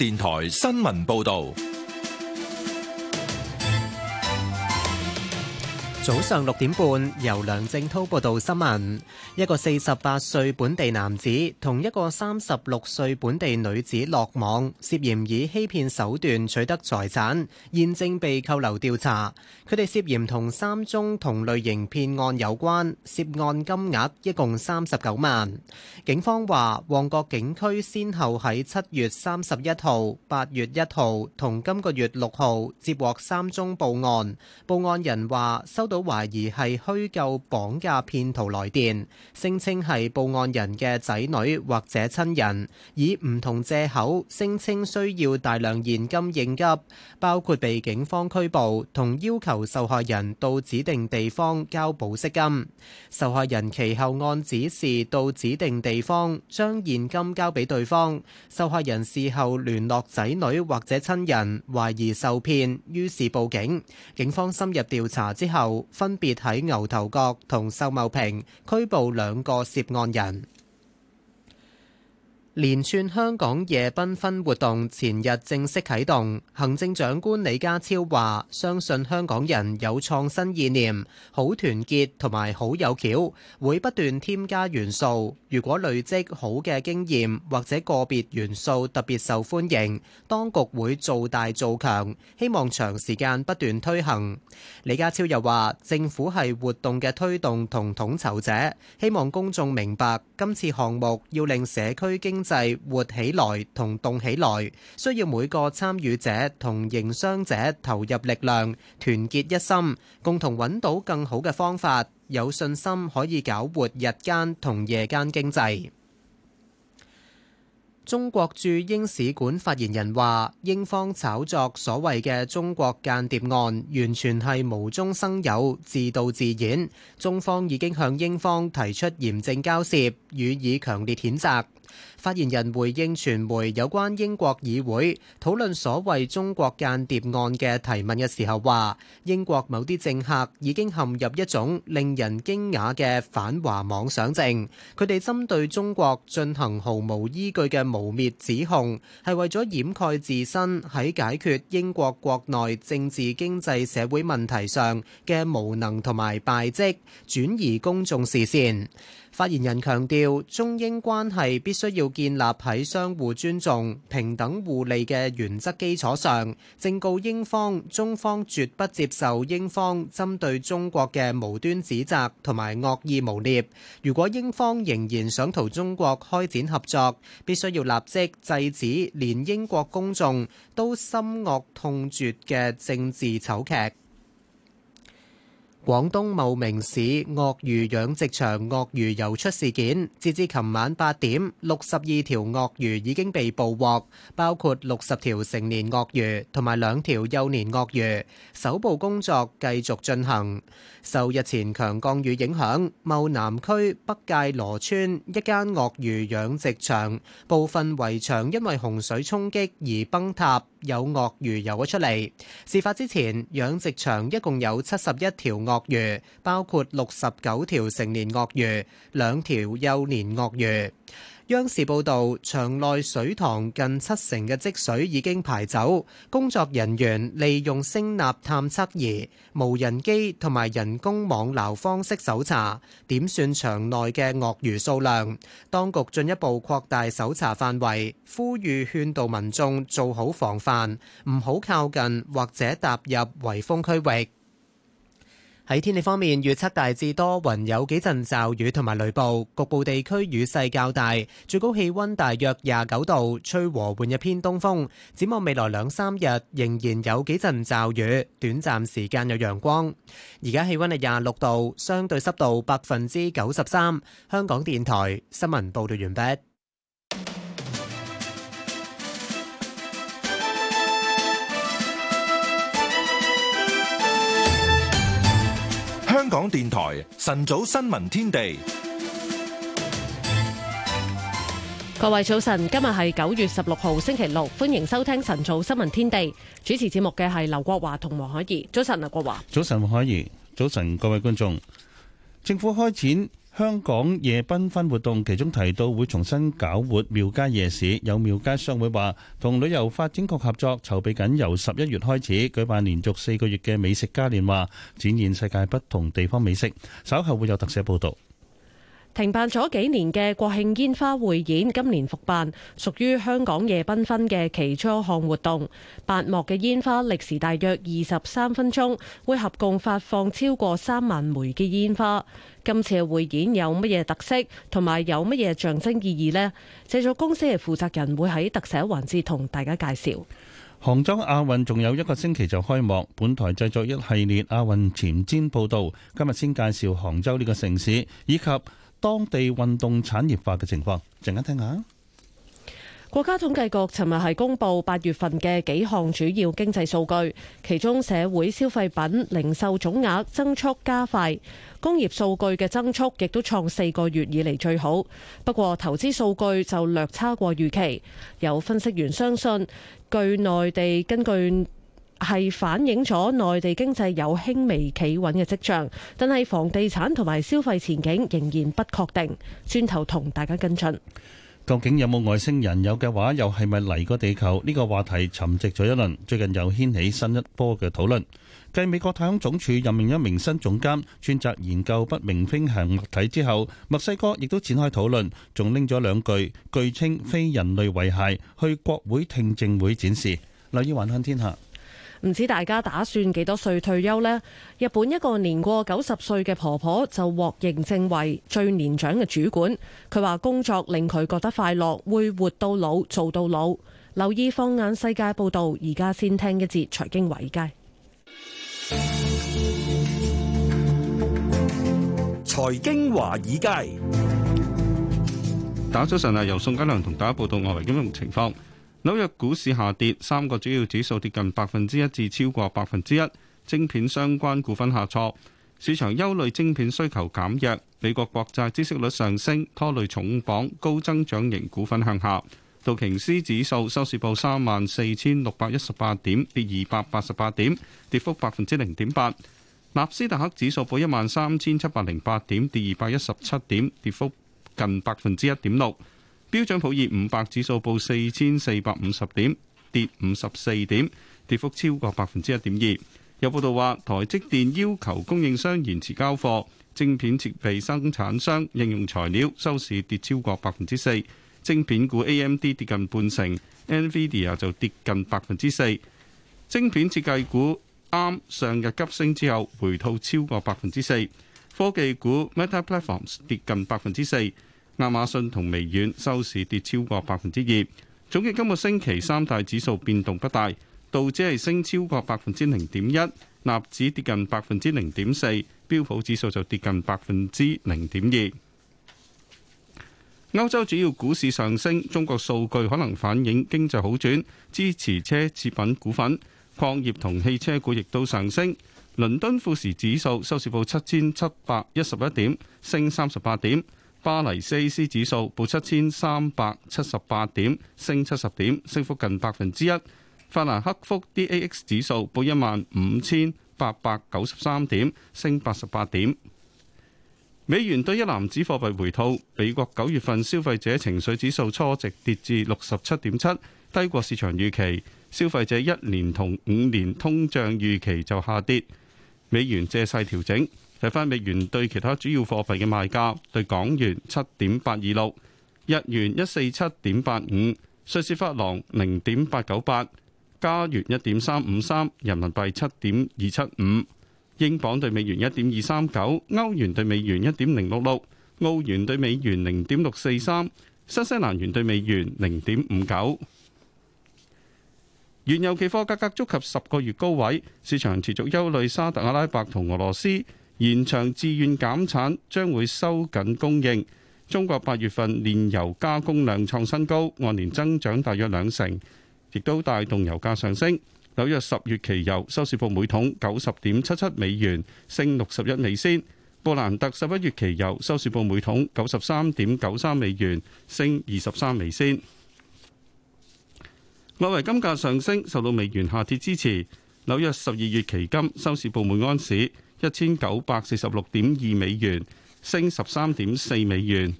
電台新聞報道。早上六點半，由梁正滔報道新聞。一個四十八歲本地男子同一個三十六歲本地女子落網，涉嫌以欺騙手段取得財產，現正被扣留調查。佢哋涉嫌同三宗同類型騙案有關，涉案金額一共三十九萬。警方話，旺角警區先後喺七月三十一號、八月一號同今個月六號接獲三宗報案。報案人話收到。懷疑係虛構綁架騙徒來電，聲稱係報案人嘅仔女、或者親人，以唔同借口聲稱需要大量現金應急，包括被警方拘捕，同要求受害人到指定地方交保釋金。受害人其後按指示到指定地方將現金交俾對方。受害人事後聯絡仔女或者親人，懷疑受騙，於是報警。警方深入調查之後。分別喺牛頭角同秀茂坪拘捕兩個涉案人。連串香港夜繽紛活動前日正式啟動，行政長官李家超話：相信香港人有創新意念，好團結同埋好有橋，會不斷添加元素。如果累積好嘅經驗，或者個別元素特別受歡迎，當局會做大做強，希望長時間不斷推行。李家超又話：政府係活動嘅推動同統籌者，希望公眾明白今次項目要令社區經濟活起來同動起來，需要每個參與者同營商者投入力量，團結一心，共同揾到更好嘅方法。有信心可以搞活日間同夜間經濟。中國駐英使館發言人話：英方炒作所謂嘅中國間諜案，完全係無中生有、自導自演。中方已經向英方提出嚴正交涉，予以強烈譴責。發言人回應傳媒有關英國議會討論所謂中國間諜案嘅提問嘅時候話，英國某啲政客已經陷入一種令人驚訝嘅反華妄想症，佢哋針對中國進行毫無依據嘅誣衊指控，係為咗掩蓋自身喺解決英國國內政治、經濟、社會問題上嘅無能同埋敗績，轉移公眾視線。發言人強調，中英關係必須。需要建立喺相互尊重、平等互利嘅原則基礎上，正告英方，中方絕不接受英方針對中國嘅無端指責同埋惡意誣蔑。如果英方仍然想同中國開展合作，必須要立即制止連英國公眾都深惡痛絕嘅政治醜劇。廣東茂名市鱷魚養殖場鱷魚游出事件，截至琴晚八點，六十二條鱷魚已經被捕獲，包括六十條成年鱷魚同埋兩條幼年鱷魚。搜捕工作繼續進行。受日前強降雨影響，茂南區北界羅村一間鱷魚養殖場部分圍牆因為洪水衝擊而崩塌。有鱷魚游咗出嚟。事發之前，養殖場一共有七十一條鱷魚，包括六十九條成年鱷魚，兩條幼年鱷魚。央視報道，場內水塘近七成嘅積水已經排走，工作人員利用聲納探測儀、無人機同埋人工網撈方式搜查，點算場內嘅鱷魚數量。當局進一步擴大搜查範圍，呼籲勸導民眾做好防範，唔好靠近或者踏入圍封區域。喺天氣方面，預測大致多雲，雲有幾陣驟雨同埋雷暴，局部地區雨勢較大。最高氣溫大約廿九度，吹和緩一偏東風。展望未來兩三日，仍然有幾陣驟雨，短暫時間有陽光。而家氣溫係廿六度，相對濕度百分之九十三。香港電台新聞報道完畢。香港電台晨早新聞天地，各位早晨，今日係九月十六號星期六，歡迎收聽晨早新聞天地。主持節目嘅係劉國華同黃海怡。早晨，劉國華。早晨，黃海怡。早晨，各位觀眾。政府開展。香港夜繽紛活動，其中提到會重新搞活廟街夜市，有廟街商會話同旅遊發展局合作籌備緊，由十一月開始舉辦連續四個月嘅美食嘉年華，展現世界不同地方美食。稍後會有特寫報道。停辦咗幾年嘅國慶煙花匯演，今年復辦，屬於香港夜繽紛嘅其中一項活動。八幕嘅煙花歷時大約二十三分鐘，會合共發放超過三萬枚嘅煙花。今次嘅匯演有乜嘢特色，同埋有乜嘢象徵意義呢？製作公司嘅負責人會喺特寫環節同大家介紹。杭州亞運仲有一個星期就開幕，本台製作一系列亞運前瞻報道。今日先介紹杭州呢個城市，以及當地運動產業化嘅情況，陣間聽下。國家統計局尋日係公布八月份嘅幾項主要經濟數據，其中社會消費品零售總額增速加快，工業數據嘅增速亦都創四個月以嚟最好。不過投資數據就略差過預期，有分析員相信，據內地根據，係反映咗內地經濟有輕微企穩嘅跡象，但係房地產同埋消費前景仍然不確定。轉頭同大家跟進，究竟有冇外星人？有嘅話，又係咪嚟過地球？呢個話題沉寂咗一輪，最近又掀起新一波嘅討論。繼美國太空總署任命一名新總監專責研究不明飛行物體之後，墨西哥亦都展開討論，仲拎咗兩具據稱非人類遺骸去國會聽證會展示。留意《環向天下》。唔知大家打算幾多歲退休呢？日本一個年過九十歲嘅婆婆就獲認證為最年長嘅主管。佢話工作令佢覺得快樂，會活到老做到老。留意放眼世界報道，而家先聽一節財經華爾街。財經華爾街。打早晨啊，由宋佳良同大家報道外圍金融情況。紐約股市下跌，三個主要指數跌近百分之一至超過百分之一，晶片相關股份下挫，市場憂慮晶片需求減弱。美國國債孳息率上升，拖累重磅高增長型股份向下。道瓊斯指數收市報三萬四千六百一十八點，跌二百八十八點，跌幅百分之零點八。納斯達克指數報一萬三千七百零八點，跌二百一十七點，跌幅近百分之一點六。標準普爾五百指數報四千四百五十點，跌五十四點，跌幅超過百分之一點二。有報道話，台積電要求供應商延遲交貨，晶片設備生產商應用材料收市跌超過百分之四，晶片股 AMD 跌近半成，NVIDIA 就跌近百分之四。晶片設計股 ARM 上日急升之後回吐超過百分之四，科技股 Meta Platforms 跌近百分之四。亞馬遜同微軟收市跌超過百分之二。總結今個星期三大指數變動不大，道指係升超過百分之零點一，納指跌近百分之零點四，標普指數就跌近百分之零點二。歐洲主要股市上升，中國數據可能反映經濟好轉，支持奢侈品股份、礦業同汽車股亦都上升。倫敦富時指數收市報七千七百一十一點，升三十八點。巴黎 CAC 指數報七千三百七十八點，升七十點，升幅近百分之一。法蘭克福 DAX 指數報一萬五千八百九十三點，升八十八點。美元對一籃子貨幣回吐。美國九月份消費者情緒指數初值跌至六十七點七，低過市場預期。消費者一年同五年通脹預期就下跌。美元借勢調整。睇返美元對其他主要貨幣嘅賣價，對港元七點八二六，日元一四七點八五，瑞士法郎零點八九八，加元一點三五三，人民幣七點二七五，英鎊對美元一點二三九，歐元對美元一點零六六，澳元對美元零點六四三，新西蘭元對美元零點五九。原油期貨價格觸及十個月高位，市場持續憂慮沙特阿拉伯同俄羅斯。延長自願減產將會收緊供應。中國八月份煉油加工量創新高，按年增長大約兩成，亦都帶動油價上升。紐約十月期油收市報每桶九十點七七美元，升六十一美仙。布蘭特十一月期油收市報每桶九十三點九三美元，升二十三美仙。外圍金價上升，受到美元下跌支持。紐約十二月期金收市報每安士一千九百四十六點二美元，升十三點四美元，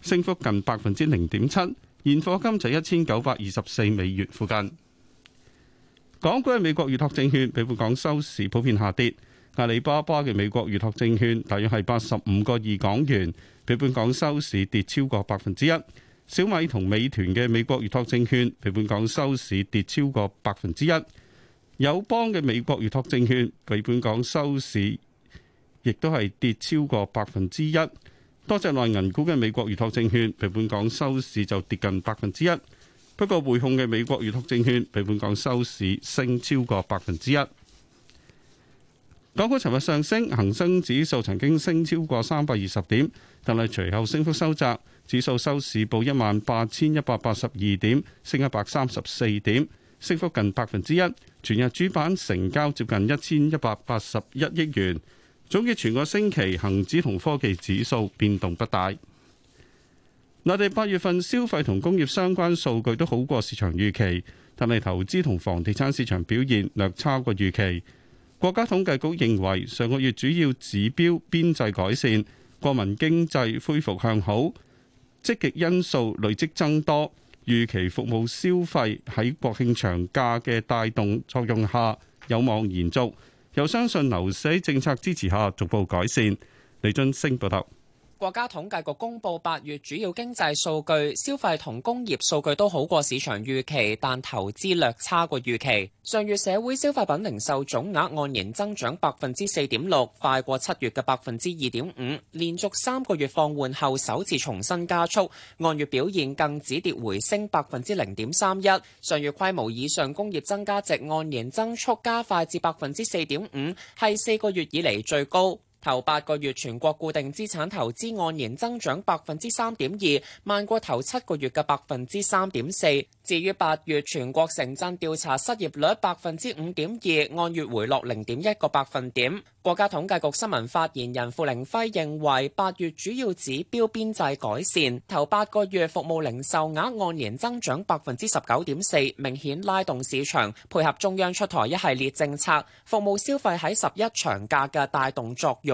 升幅近百分之零點七。現貨金就一千九百二十四美元附近。港股嘅美國預託證券，比本港收市普遍下跌。阿里巴巴嘅美國預託證券，大約係八十五個二港元，比本港收市跌超過百分之一。小米同美團嘅美國預託證券，比本港收市跌超過百分之一。友邦嘅美國預託證券比本港收市亦都係跌超過百分之一，多隻內銀股嘅美國預託證券比本港收市就跌近百分之一，不過匯控嘅美國預託證券比本港收市升超過百分之一。港股尋日上升，恒生指數曾經升超過三百二十點，但係隨後升幅收窄，指數收市報一萬八千一百八十二點，升一百三十四點。升幅近百分之一，全日主板成交接近一千一百八十一億元。總結全個星期，恒指同科技指數變動不大。內地八月份消費同工業相關數據都好過市場預期，但係投資同房地產市場表現略差過預期。國家統計局認為，上個月主要指標邊際改善，國民經濟恢復向好，積極因素累積增多。預期服務消費喺國慶長假嘅帶動作用下有望延續，又相信樓市政策支持下逐步改善。李俊升報道。國家統計局公布八月主要經濟數據，消費同工業數據都好過市場預期，但投資略差過預期。上月社會消費品零售總額按年增長百分之四點六，快過七月嘅百分之二點五，連續三個月放緩後首次重新加速。按月表現更止跌回升百分之零點三一。上月規模以上工業增加值按年增速加快至百分之四點五，係四個月以嚟最高。頭八個月全國固定資產投資按年增長百分之三點二，慢過頭七個月嘅百分之三點四。至於八月全國城鎮調查失業率百分之五點二，按月回落零點一個百分點。國家統計局新聞發言人付凌暉認為，八月主要指標邊際改善。頭八個月服務零售額按年增長百分之十九點四，明顯拉動市場。配合中央出台一系列政策，服務消費喺十一長假嘅帶動作用。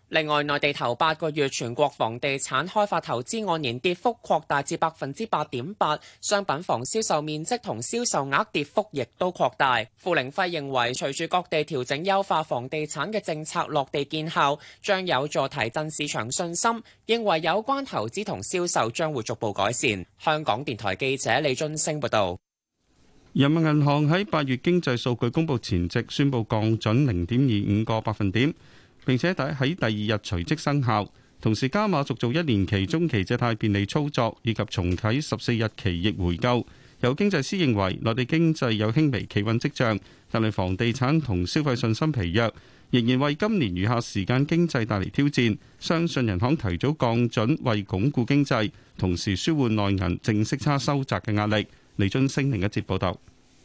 另外，內地頭八個月全國房地產開發投資按年跌幅擴大至百分之八點八，商品房銷售面積同銷售額跌幅亦都擴大。付凌暉認為，隨住各地調整優化房地產嘅政策落地見效，將有助提振市場信心，認為有關投資同銷售將會逐步改善。香港電台記者李津升報道：人民銀行喺八月經濟數據公布前夕，宣布降準零點二五個百分點。並且第喺第二日隨即生效，同時加碼續做一年期中期借貸便利操作以及重啟十四日期逆回購。有經濟師認為內地經濟有輕微企穩跡象，但係房地產同消費信心疲弱，仍然為今年餘下時間經濟帶嚟挑戰。相信人行提早降準為鞏固經濟，同時舒緩內銀正息差收窄嘅壓力。李俊升另一節報道。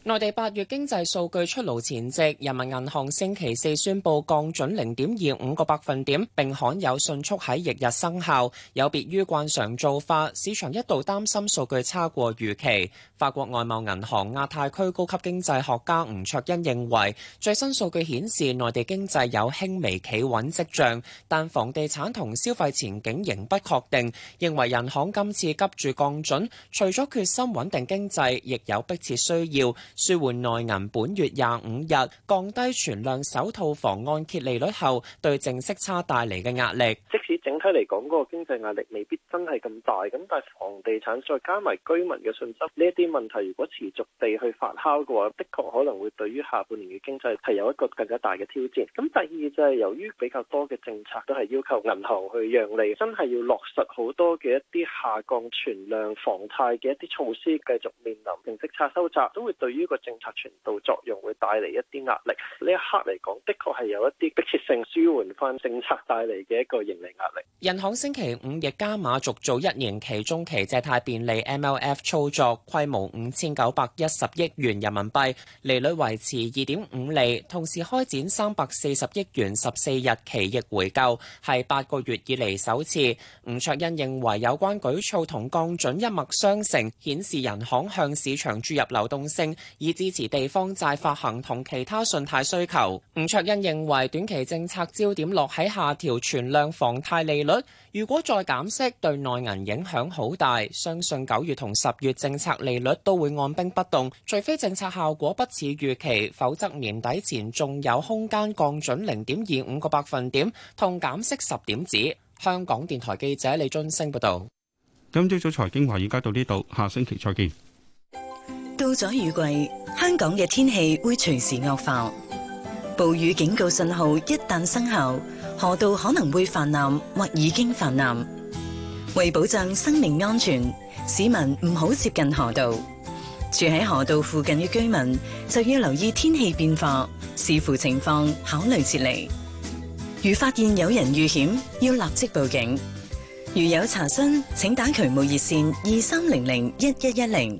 內地八月經濟數據出爐前夕，人民銀行星期四宣布降準零點二五個百分點，並罕有迅速喺翌日生效。有別於慣常做法，市場一度擔心數據差過預期。法國外貿銀行亞太區高級經濟學家吳卓恩認為，最新數據顯示內地經濟有輕微企穩跡象，但房地產同消費前景仍不確定。認為銀行今次急住降準，除咗決心穩定經濟，亦有迫切需要。舒緩內銀本月廿五日降低存量首套房按揭利率後對淨息差帶嚟嘅壓力。即使整體嚟講嗰個經濟壓力未必真係咁大，咁但係房地產再加埋居民嘅信心呢一啲問題，如果持續地去發酵嘅話，的確可能會對於下半年嘅經濟係有一個更加大嘅挑戰。咁第二就係由於比較多嘅政策都係要求銀行去讓利，真係要落實好多嘅一啲下降存量房貸嘅一啲措施，繼續面臨淨息差收窄，都會對於個政策傳導作用會帶嚟一啲壓力，呢一刻嚟講，的確係有一啲迫切性，舒緩翻政策帶嚟嘅一個盈利壓力。人行星期五亦加碼續做一年期中期借貸便利 （MLF） 操作，規模五千九百一十億元人民幣，利率維持二點五厘，同時開展三百四十億元十四日期逆回購，係八個月以嚟首次。吳卓恩認為，有關舉措同降準一脈相承，顯示人行向市場注入流動性。以支持地方債發行同其他信貸需求。吳卓恩認為，短期政策焦點落喺下調存量房貸利率，如果再減息，對內銀影響好大。相信九月同十月政策利率都會按兵不動，除非政策效果不似預期，否則年底前仲有空間降準零點二五個百分點同減息十點子。香港電台記者李津升報道。今朝早財經華爾街到呢度，下星期再見。到咗雨季，香港嘅天氣會隨時惡化。暴雨警告信號一旦生效，河道可能會氾濫或已經氾濫。為保障生命安全，市民唔好接近河道。住喺河道附近嘅居民就要留意天氣變化，視乎情況考慮撤離。如發現有人遇險，要立即報警。如有查詢，請打渠務熱線二三零零一一一零。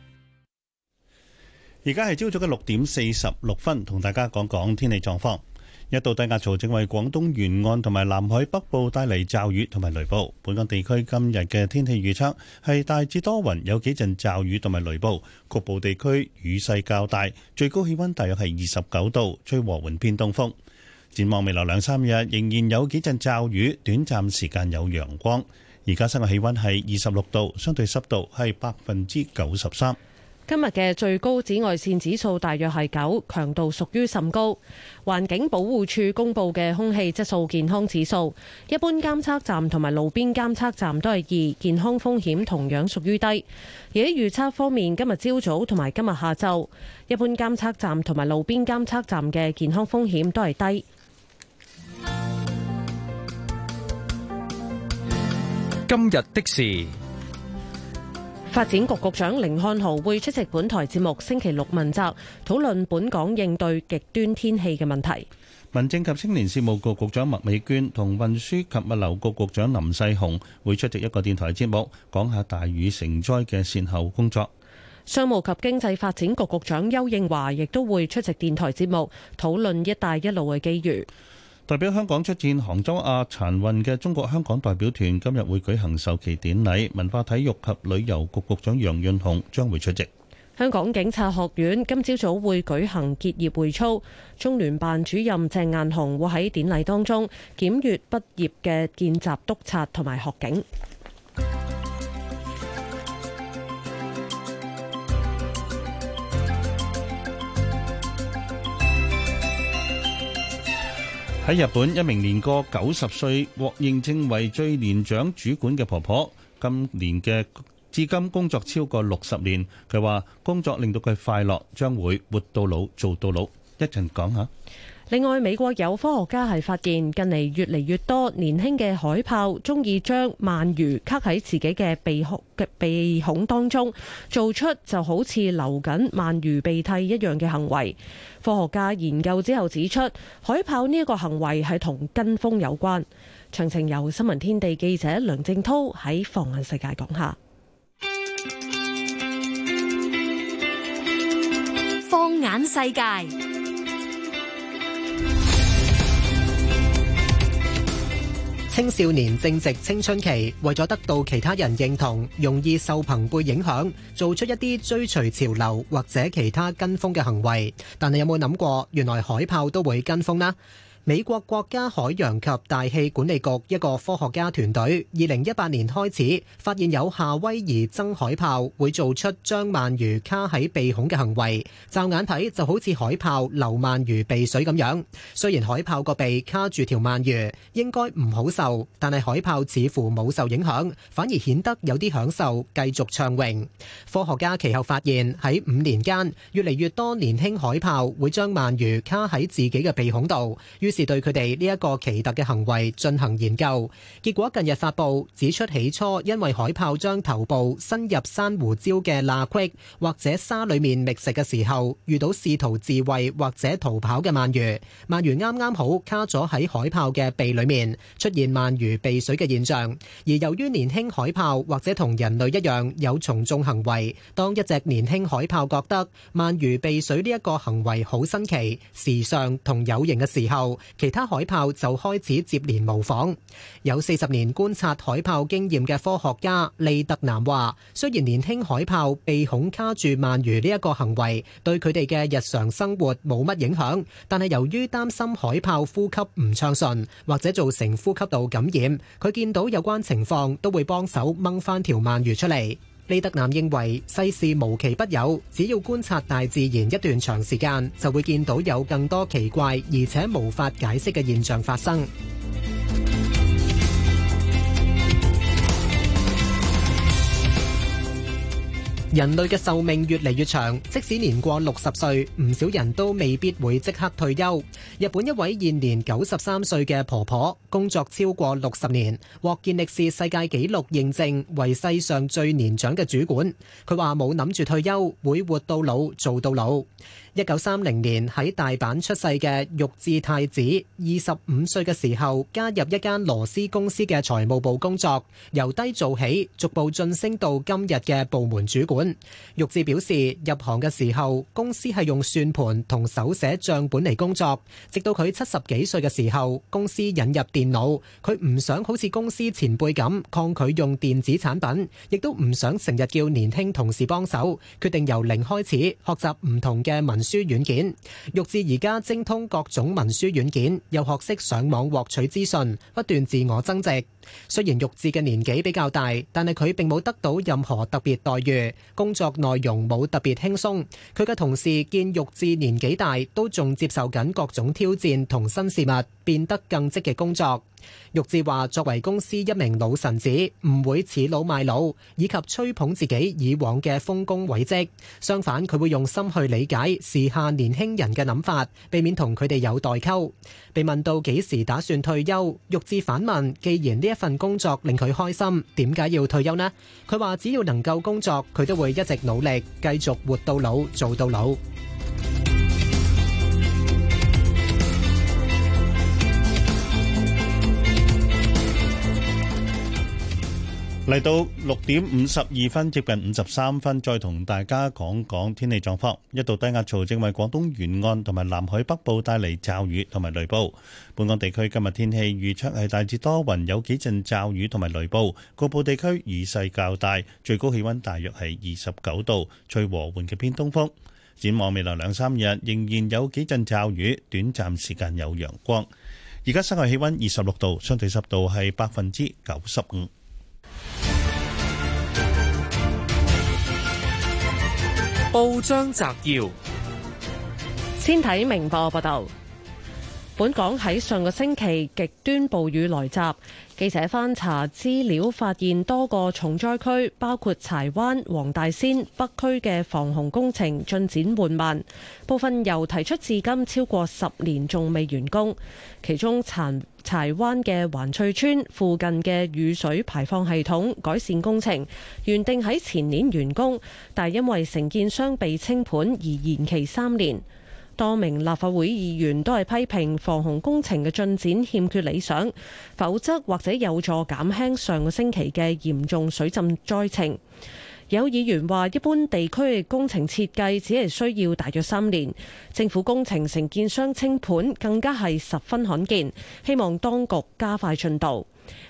而家係朝早嘅六點四十六分，同大家講講天氣狀況。一度低壓槽正為廣東沿岸同埋南海北部帶嚟驟雨同埋雷暴。本港地區今日嘅天氣預測係大致多雲，有幾陣驟雨同埋雷暴，局部地區雨勢較大。最高氣溫大約係二十九度，吹和緩偏東風。展望未來兩三日，仍然有幾陣驟雨，短暫時間有陽光。而家室外氣溫係二十六度，相對濕度係百分之九十三。今日嘅最高紫外線指數大約係九，強度屬於甚高。環境保護署公布嘅空氣質素健康指數，一般監測站同埋路邊監測站都係二，健康風險同樣屬於低。而喺預測方面，今日朝早同埋今日下晝，一般監測站同埋路邊監測站嘅健康風險都係低。今日的事。發展局局長甯漢豪會出席本台節目星期六問責，討論本港應對極端天氣嘅問題。民政及青年事務局局，局長麥美娟同運輸及物流局局長林世雄會出席一個電台節目，講下大雨成災嘅善後工作。商務及經濟發展局局長丘應樺亦都會出席電台節目，討論一帶一路嘅機遇。代表香港出戰杭州亞殘運嘅中國香港代表團今日會舉行授旗典禮，文化體育及旅遊局局長楊潤雄將會出席。香港警察學院今朝早會舉行結業會操，中聯辦主任鄭雁雄會喺典禮當中檢閱畢業嘅見習督察同埋學警。喺日本，一名年過九十歲獲認證為最年長主管嘅婆婆，今年嘅至今工作超過六十年。佢話工作令到佢快樂，將會活到老做到老。說一陣講下。另外，美國有科學家係發現近嚟越嚟越多年輕嘅海豹中意將鰻魚卡喺自己嘅鼻孔嘅鼻孔當中，做出就好似流緊鰻魚鼻涕一樣嘅行為。科學家研究之後指出，海豹呢一個行為係同跟風有關。詳情由新聞天地記者梁正滔喺《放眼世界》講下，《放眼世界》。青少年正值青春期，為咗得到其他人認同，容易受朋輩影響，做出一啲追隨潮流或者其他跟風嘅行為。但你有冇諗過，原來海豹都會跟風呢？美國國家海洋及大氣管理局一個科學家團隊，二零一八年開始發現有夏威夷僧海豹會做出將鰻魚卡喺鼻孔嘅行為，驟眼睇就好似海豹流鰻魚鼻水咁樣。雖然海豹個鼻卡住條鰻魚應該唔好受，但係海豹似乎冇受影響，反而顯得有啲享受，繼續暢泳。科學家其後發現喺五年間，越嚟越多年輕海豹會將鰻魚卡喺自己嘅鼻孔度。於是對佢哋呢一個奇特嘅行為進行研究，結果近日發佈指出，起初因為海豹將頭部伸入珊瑚礁嘅罅隙或者沙裏面覓食嘅時候，遇到試圖自衛或者逃跑嘅鰻魚，鰻魚啱啱好卡咗喺海豹嘅鼻裏面，出現鰻魚避水嘅現象。而由於年輕海豹或者同人類一樣有從眾行為，當一隻年輕海豹覺得鰻魚避水呢一個行為好新奇、時尚同有型嘅時候，其他海豹就開始接連模仿。有四十年觀察海豹經驗嘅科學家利特南話：雖然年輕海豹鼻孔卡住鰻魚呢一個行為對佢哋嘅日常生活冇乜影響，但係由於擔心海豹呼吸唔暢順或者造成呼吸道感染，佢見到有關情況都會幫手掹翻條鰻魚出嚟。利德南認為世事無奇不有，只要觀察大自然一段長時間，就會見到有更多奇怪而且無法解釋嘅現象發生。人類嘅壽命越嚟越長，即使年過六十歲，唔少人都未必會即刻退休。日本一位現年九十三歲嘅婆婆，工作超過六十年，獲健力士世界紀錄認證為世上最年長嘅主管。佢話冇諗住退休，會活到老做到老。一九三零年喺大阪出世嘅玉智太子，二十五歲嘅時候加入一間螺絲公司嘅財務部工作，由低做起，逐步晉升到今日嘅部門主管。玉智表示，入行嘅時候，公司係用算盤同手寫賬本嚟工作，直到佢七十幾歲嘅時候，公司引入電腦。佢唔想好似公司前輩咁抗拒用電子產品，亦都唔想成日叫年輕同事幫手，決定由零開始學習唔同嘅文化。文書軟件，玉智而家精通各種文書軟件，又學識上網獲取資訊，不斷自我增值。雖然玉智嘅年紀比較大，但係佢並冇得到任何特別待遇，工作內容冇特別輕鬆。佢嘅同事見玉智年紀大，都仲接受緊各種挑戰同新事物，變得更積極工作。玉智話：作為公司一名老臣子，唔會恃老賣老，以及吹捧自己以往嘅豐功偉績。相反，佢會用心去理解時下年輕人嘅諗法，避免同佢哋有代溝。被問到幾時打算退休，玉智反問：既然呢一份工作令佢開心，點解要退休呢？佢話只要能夠工作，佢都會一直努力，繼續活到老做到老。嚟到六點五十二分，接近五十三分，再同大家講講天氣狀況。一道低壓槽正為廣東沿岸同埋南海北部帶嚟驟雨同埋雷暴。本港地區今日天氣預測係大致多雲，有幾陣驟雨同埋雷暴，局部地區雨勢較大。最高氣溫大約係二十九度，吹和緩嘅偏東風。展望未來兩三日，仍然有幾陣驟雨，短暫時間有陽光。而家室外氣溫二十六度，相對濕度係百分之九十五。報章摘要，先睇明報報道。本港喺上個星期極端暴雨來襲，記者翻查資料發現，多個重災區，包括柴灣、黃大仙、北區嘅防洪工程進展緩慢，部分由提出至今超過十年，仲未完工，其中殘。柴灣嘅環翠村附近嘅雨水排放系統改善工程，原定喺前年完工，但係因為承建商被清盤而延期三年。多名立法會議員都係批評防洪工程嘅進展欠缺理想，否則或者有助減輕上個星期嘅嚴重水浸災情。有議員話：一般地區嘅工程設計只係需要大約三年，政府工程承建商清盤更加係十分罕見。希望當局加快進度。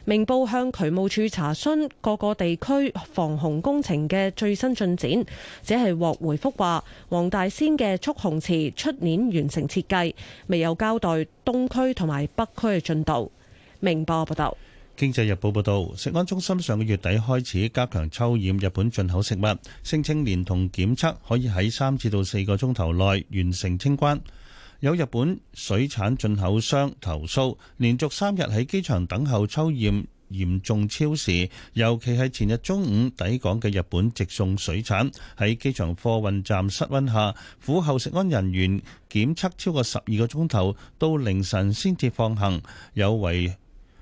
明報向渠務處查詢各個地區防洪工程嘅最新進展，只係獲回覆話：黃大仙嘅蓄洪池出年完成設計，未有交代東區同埋北區嘅進度。明報報道。經濟日報報導，食安中心上個月底開始加強抽驗日本進口食物，聲稱連同檢測可以喺三至到四個鐘頭內完成清關。有日本水產進口商投訴，連續三日喺機場等候抽驗嚴重超時，尤其係前日中午抵港嘅日本直送水產喺機場貨運站室温下苦候食安人員檢測超過十二個鐘頭，到凌晨先至放行，有違。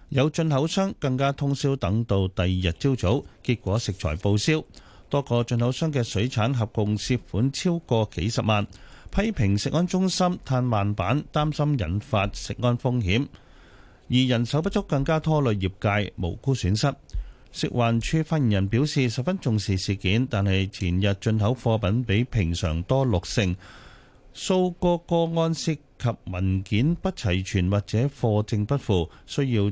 有進口商更加通宵等到第二日朝早，結果食材報銷。多個進口商嘅水產合共涉款超過幾十萬，批評食安中心嘆慢板，擔心引發食安風險。而人手不足更加拖累業界，無辜損失。食環署發言人表示十分重視事件，但係前日進口貨品比平常多六成，數個個案涉及文件不齊全或者貨證不符，需要。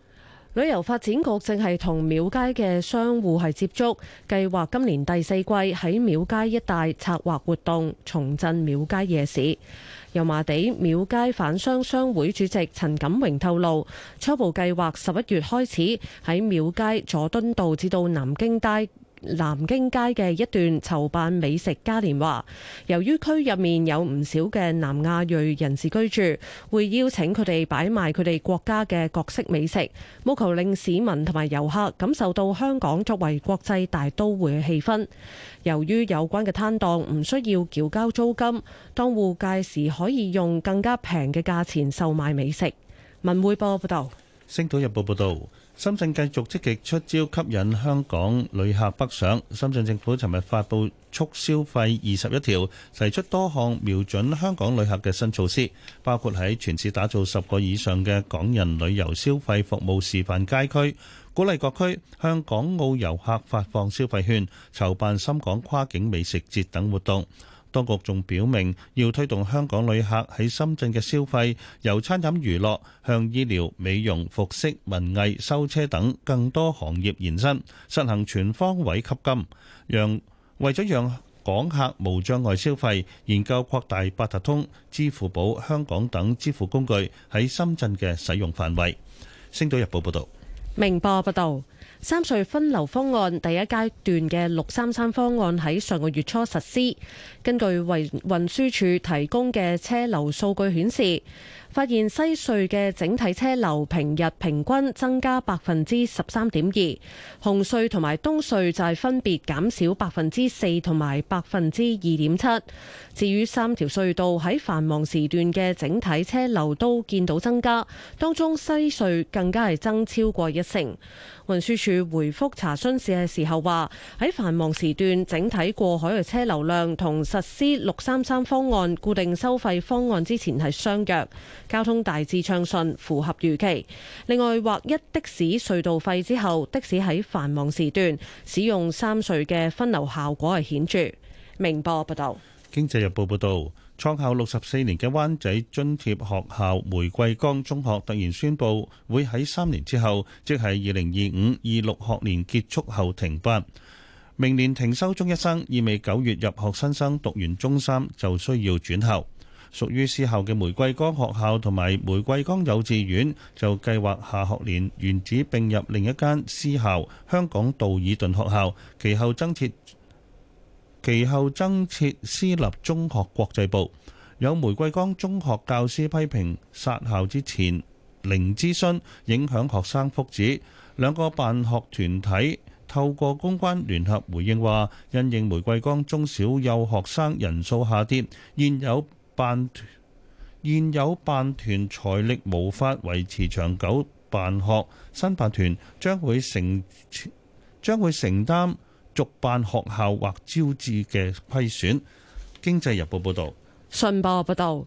旅遊發展局正係同廟街嘅商戶係接觸，計劃今年第四季喺廟街一帶策劃活動，重振廟街夜市。油麻地廟街反商商會主席陳錦榮透露，初步計劃十一月開始喺廟街佐敦道至到南京街。南京街嘅一段籌辦美食嘉年華，由於區入面有唔少嘅南亞裔人士居住，會邀請佢哋擺賣佢哋國家嘅各式美食，務求令市民同埋遊客感受到香港作為國際大都會嘅氣氛。由於有關嘅攤檔唔需要繳交租金，檔戶屆時可以用更加平嘅價錢售賣美食。文匯報報導。星島日報報導。深圳繼續積極出招吸引香港旅客北上。深圳政府尋日發布促消費二十一條，提出多項瞄準香港旅客嘅新措施，包括喺全市打造十個以上嘅港人旅遊消費服務示範街區，鼓勵各區向港澳遊客發放消費券，籌辦深港跨境美食節等活動。當局仲表明要推動香港旅客喺深圳嘅消費由餐飲娛樂向醫療、美容、服飾、文藝、修車等更多行業延伸，實行全方位吸金。讓為咗讓港客無障礙消費，研究擴大八達通、支付寶、香港等支付工具喺深圳嘅使用範圍。星島日報報道。明報報道。三隧分流方案第一階段嘅六三三方案喺上個月初實施。根據運運輸署提供嘅車流數據顯示，發現西隧嘅整體車流平日平均增加百分之十三點二，紅隧同埋東隧就係分別減少百分之四同埋百分之二點七。至於三條隧道喺繁忙時段嘅整體車流都見到增加，當中西隧更加係增超過一成。運輸署回覆查詢時嘅時候話：喺繁忙時段，整體過海嘅車流量同實施六三三方案固定收費方案之前係相若，交通大致暢順，符合預期。另外，劃一的士隧道費之後，的士喺繁忙時段使用三隧嘅分流效果係顯著。明報報，報，報道，《經濟日報》報道。創校六十四年嘅灣仔津貼學校玫瑰崗中學突然宣布，會喺三年之後即，即係二零二五二六學年結束後停辦，明年停收中一生，意味九月入學新生讀完中三就需要轉校。屬於私校嘅玫瑰崗學校同埋玫瑰崗幼稚園就計劃下學年原址並入另一間私校香港道爾頓學校，其後增設。其後增設私立中學國際部，有玫瑰崗中學教師批評殺校之前零諮詢，影響學生福祉。兩個辦學團體透過公關聯合回應話，因應玫瑰崗中小幼學生人數下跌，現有辦現有辦團財力無法維持長久辦學，新辦團將會承將會承擔。續辦學校或招致嘅虧損。經濟日報報道，信報報道，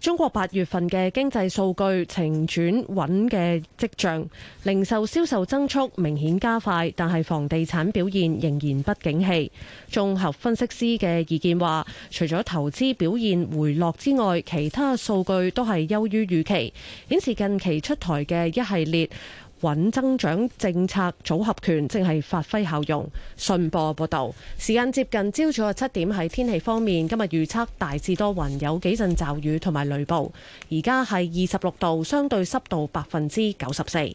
中國八月份嘅經濟數據呈轉穩嘅跡象，零售銷售增速明顯加快，但係房地產表現仍然不景氣。綜合分析師嘅意見話，除咗投資表現回落之外，其他數據都係優於預期，顯示近期出台嘅一系列。穩增長政策組合拳正係發揮效用。信報報道，時間接近朝早嘅七點。喺天氣方面，今日預測大致多雲，有幾陣驟雨同埋雷暴。而家係二十六度，相對濕度百分之九十四。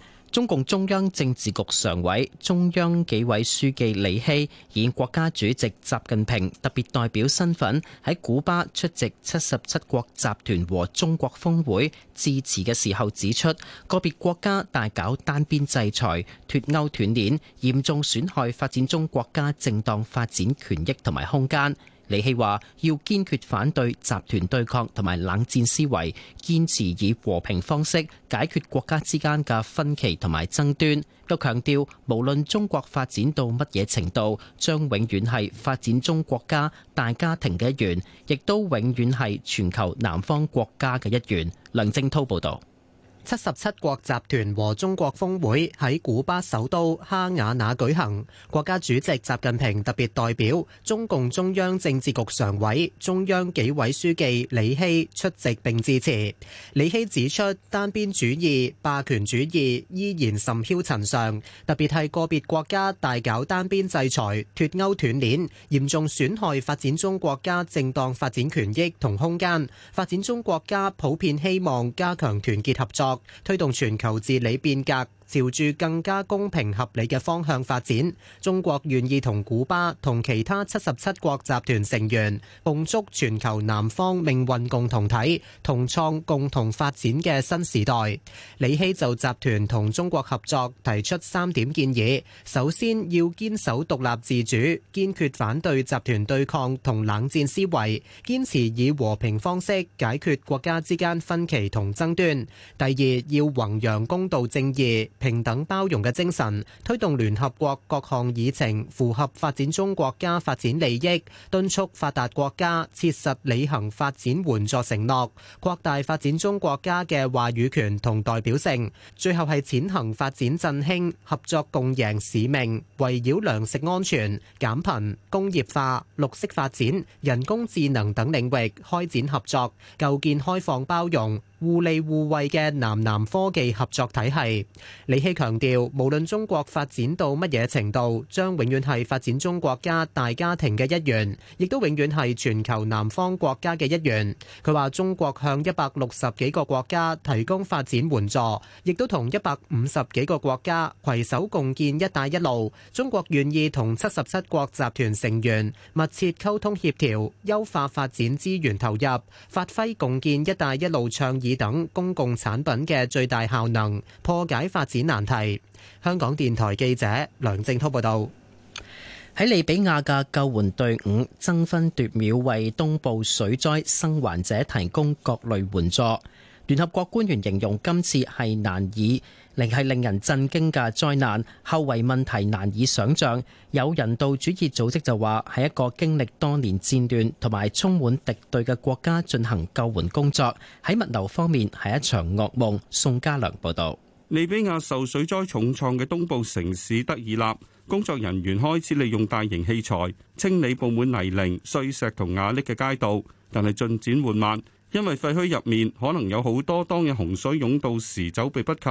中共中央政治局常委、中央紀委書記李希以國家主席習近平特別代表身份喺古巴出席七十七國集團和中國峰會致辭嘅時候指出，個別國家大搞單邊制裁、脱歐斷鏈，嚴重損害發展中國家正當發展權益同埋空間。李希話：要堅決反對集團對抗同埋冷戰思維，堅持以和平方式解決國家之間嘅分歧同埋爭端。又強調，無論中國發展到乜嘢程度，將永遠係發展中國家大家庭嘅一員，亦都永遠係全球南方國家嘅一員。梁正濤報道。七十七國集團和中國峰會喺古巴首都哈瓦那舉行，國家主席習近平特別代表中共中央政治局常委、中央紀委書記李希出席並致辭。李希指出，單邊主義、霸權主義依然甚囂塵上，特別係個別國家大搞單邊制裁、脫鈎斷鏈，嚴重損害發展中國家正當發展權益同空間。發展中國家普遍希望加強團結合作。推動全球治理變革。朝住更加公平合理嘅方向發展，中國願意同古巴同其他七十七國集團成員共築全球南方命運共同體，同創共同發展嘅新時代。李希就集團同中國合作提出三點建議：首先，要堅守獨立自主，堅決反對集團對抗同冷戰思維，堅持以和平方式解決國家之間分歧同爭端；第二，要弘揚公道正義。平等包容嘅精神，推動聯合國各項議程符合發展中國家發展利益，敦促發達國家切實履行發展援助承諾，擴大發展中國家嘅話語權同代表性。最後係踐行發展振興、合作共贏使命，圍繞糧食安全、減貧、工業化、綠色發展、人工智能等領域開展合作，構建開放包容。互利互惠嘅南南科技合作體系。李希強調，無論中國發展到乜嘢程度，將永遠係發展中國家大家庭嘅一員，亦都永遠係全球南方國家嘅一員，佢話中國向一百六十幾個國家提供發展援助，亦都同一百五十幾個國家攜手共建「一帶一路」。中國願意同七十七國集團成員密切溝通協調，優化發展資源投入，發揮共建「一帶一路」倡議。等公共產品嘅最大效能，破解發展難題，香港電台記者梁正濤報道。喺利比亞嘅救援隊伍爭分奪秒，為東部水災生還者提供各類援助。聯合國官員形容今次係難以。仍係令人震驚嘅災難，後遺問題難以想象。有人道主義組織就話，喺一個經歷多年戰亂同埋充滿敵對嘅國家進行救援工作，喺物流方面係一場噩夢。宋家良報道，利比亞受水災重創嘅東部城市德爾納，工作人員開始利用大型器材清理布滿泥濘碎石同瓦礫嘅街道，但係進展緩慢，因為廢墟入面可能有好多當日洪水湧到時走避不及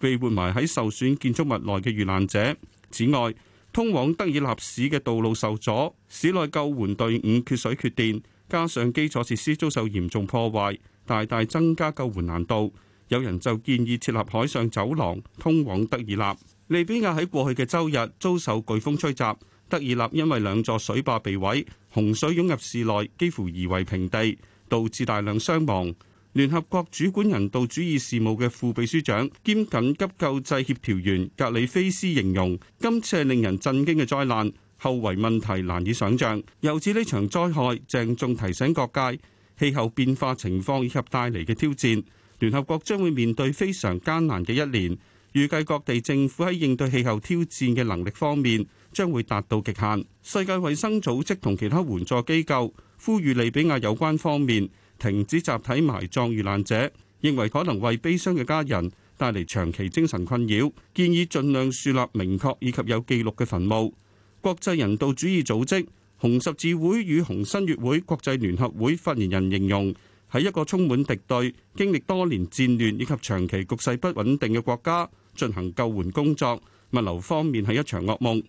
被活埋喺受損建築物內嘅遇難者。此外，通往德爾納市嘅道路受阻，市內救援隊伍缺水缺電，加上基礎設施遭受嚴重破壞，大大增加救援難度。有人就建議設立海上走廊通往德爾納。利比亞喺過去嘅周日遭受颶風吹襲德爾納，因為兩座水壩被毀，洪水湧入市內，幾乎夷為平地，導致大量傷亡。聯合國主管人道主義事務嘅副秘書長兼緊急救濟協調員格里菲斯形容：今次令人震驚嘅災難後遺問題難以想象，又指呢場災害，鄭重提醒各界氣候變化情況以及帶嚟嘅挑戰，聯合國將會面對非常艱難嘅一年，預計各地政府喺應對氣候挑戰嘅能力方面將會達到極限。世界衛生組織同其他援助機構呼籲利比亞有關方面。停止集體埋葬遇難者，認為可能為悲傷嘅家人帶嚟長期精神困擾，建議盡量樹立明確以及有記錄嘅墳墓。國際人道主義組織紅十字會與紅新月會國際聯合會發言人形容，喺一個充滿敵對、經歷多年戰亂以及長期局勢不穩定嘅國家進行救援工作，物流方面係一場噩夢。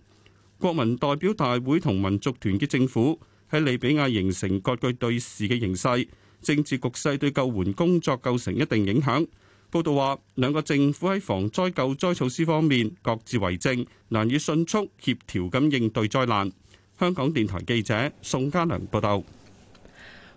國民代表大會同民族團結政府喺利比亞形成割據對峙嘅形勢。政治局勢對救援工作構成一定影響。報道話，兩個政府喺防災救災措施方面各自為政，難以迅速協調咁應對災難。香港電台記者宋家良報道。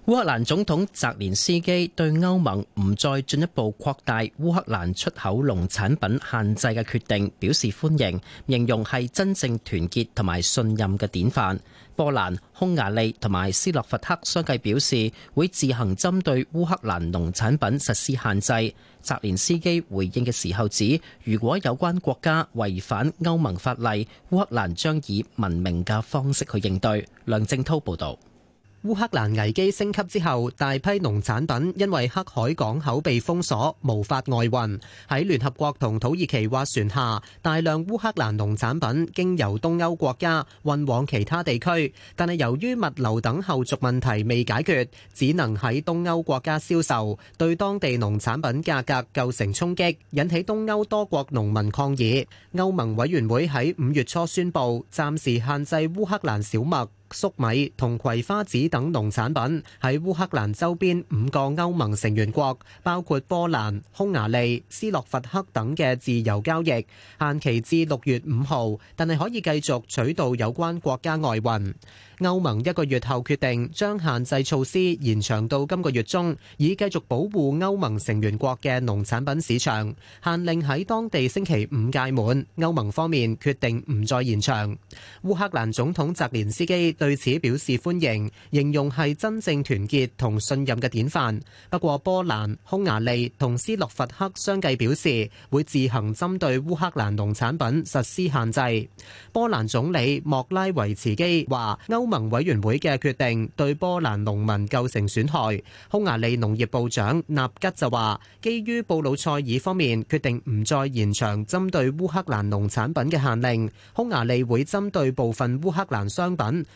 烏克蘭總統澤連斯基對歐盟唔再進一步擴大烏克蘭出口農產品限制嘅決定表示歡迎，形容係真正團結同埋信任嘅典範。波蘭、匈牙利同埋斯洛伐克相繼表示會自行針對烏克蘭農產品實施限制。澤連斯基回應嘅時候指，如果有關國家違反歐盟法例，烏克蘭將以文明嘅方式去應對。梁正滔報導。烏克蘭危機升級之後，大批農產品因為黑海港口被封鎖，無法外運。喺聯合國同土耳其斡旋下，大量烏克蘭農產品經由東歐國家運往其他地區，但係由於物流等後續問題未解決，只能喺東歐國家銷售，對當地農產品價格構成衝擊，引起東歐多國農民抗議。歐盟委員會喺五月初宣布，暫時限制烏克蘭小麥。粟米同葵花籽等農產品喺烏克蘭周邊五個歐盟成員國，包括波蘭、匈牙利、斯洛伐克等嘅自由交易，限期至六月五號，但係可以繼續取道有關國家外運。歐盟一個月後決定將限制措施延長到今個月中，以繼續保護歐盟成員國嘅農產品市場。限令喺當地星期五屆滿，歐盟方面決定唔再延長。烏克蘭總統澤連斯基。對此表示歡迎，形容係真正團結同信任嘅典範。不過，波蘭、匈牙利同斯洛伐克相繼表示會自行針對烏克蘭農產品實施限制。波蘭總理莫拉維茨基話：歐盟委員會嘅決定對波蘭農民構成損害。匈牙利農業部長納吉就話：基於布魯塞爾方面決定唔再延長針對烏克蘭農產品嘅限令，匈牙利會針對部分烏克蘭商品。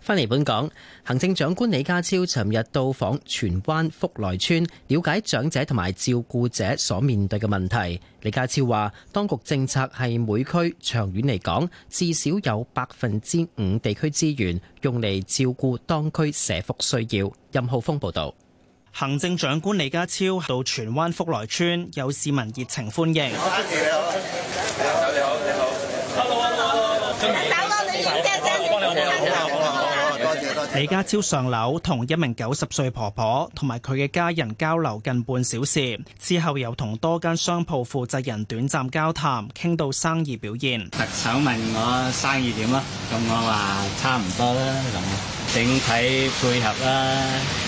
翻嚟本港，行政長官李家超尋日到訪荃灣福來邨，了解長者同埋照顧者所面對嘅問題。李家超話，當局政策係每區長遠嚟講，至少有百分之五地區資源用嚟照顧當區社福需要。任浩峰報導。行政長官李家超到荃灣福來邨，有市民熱情歡迎。李家超上樓同一名九十歲婆婆同埋佢嘅家人交流近半小時，之後又同多間商鋪負責人短暫交談，傾到生意表現。特首問我生意點咯，咁我話差唔多啦，咁整體配合啦，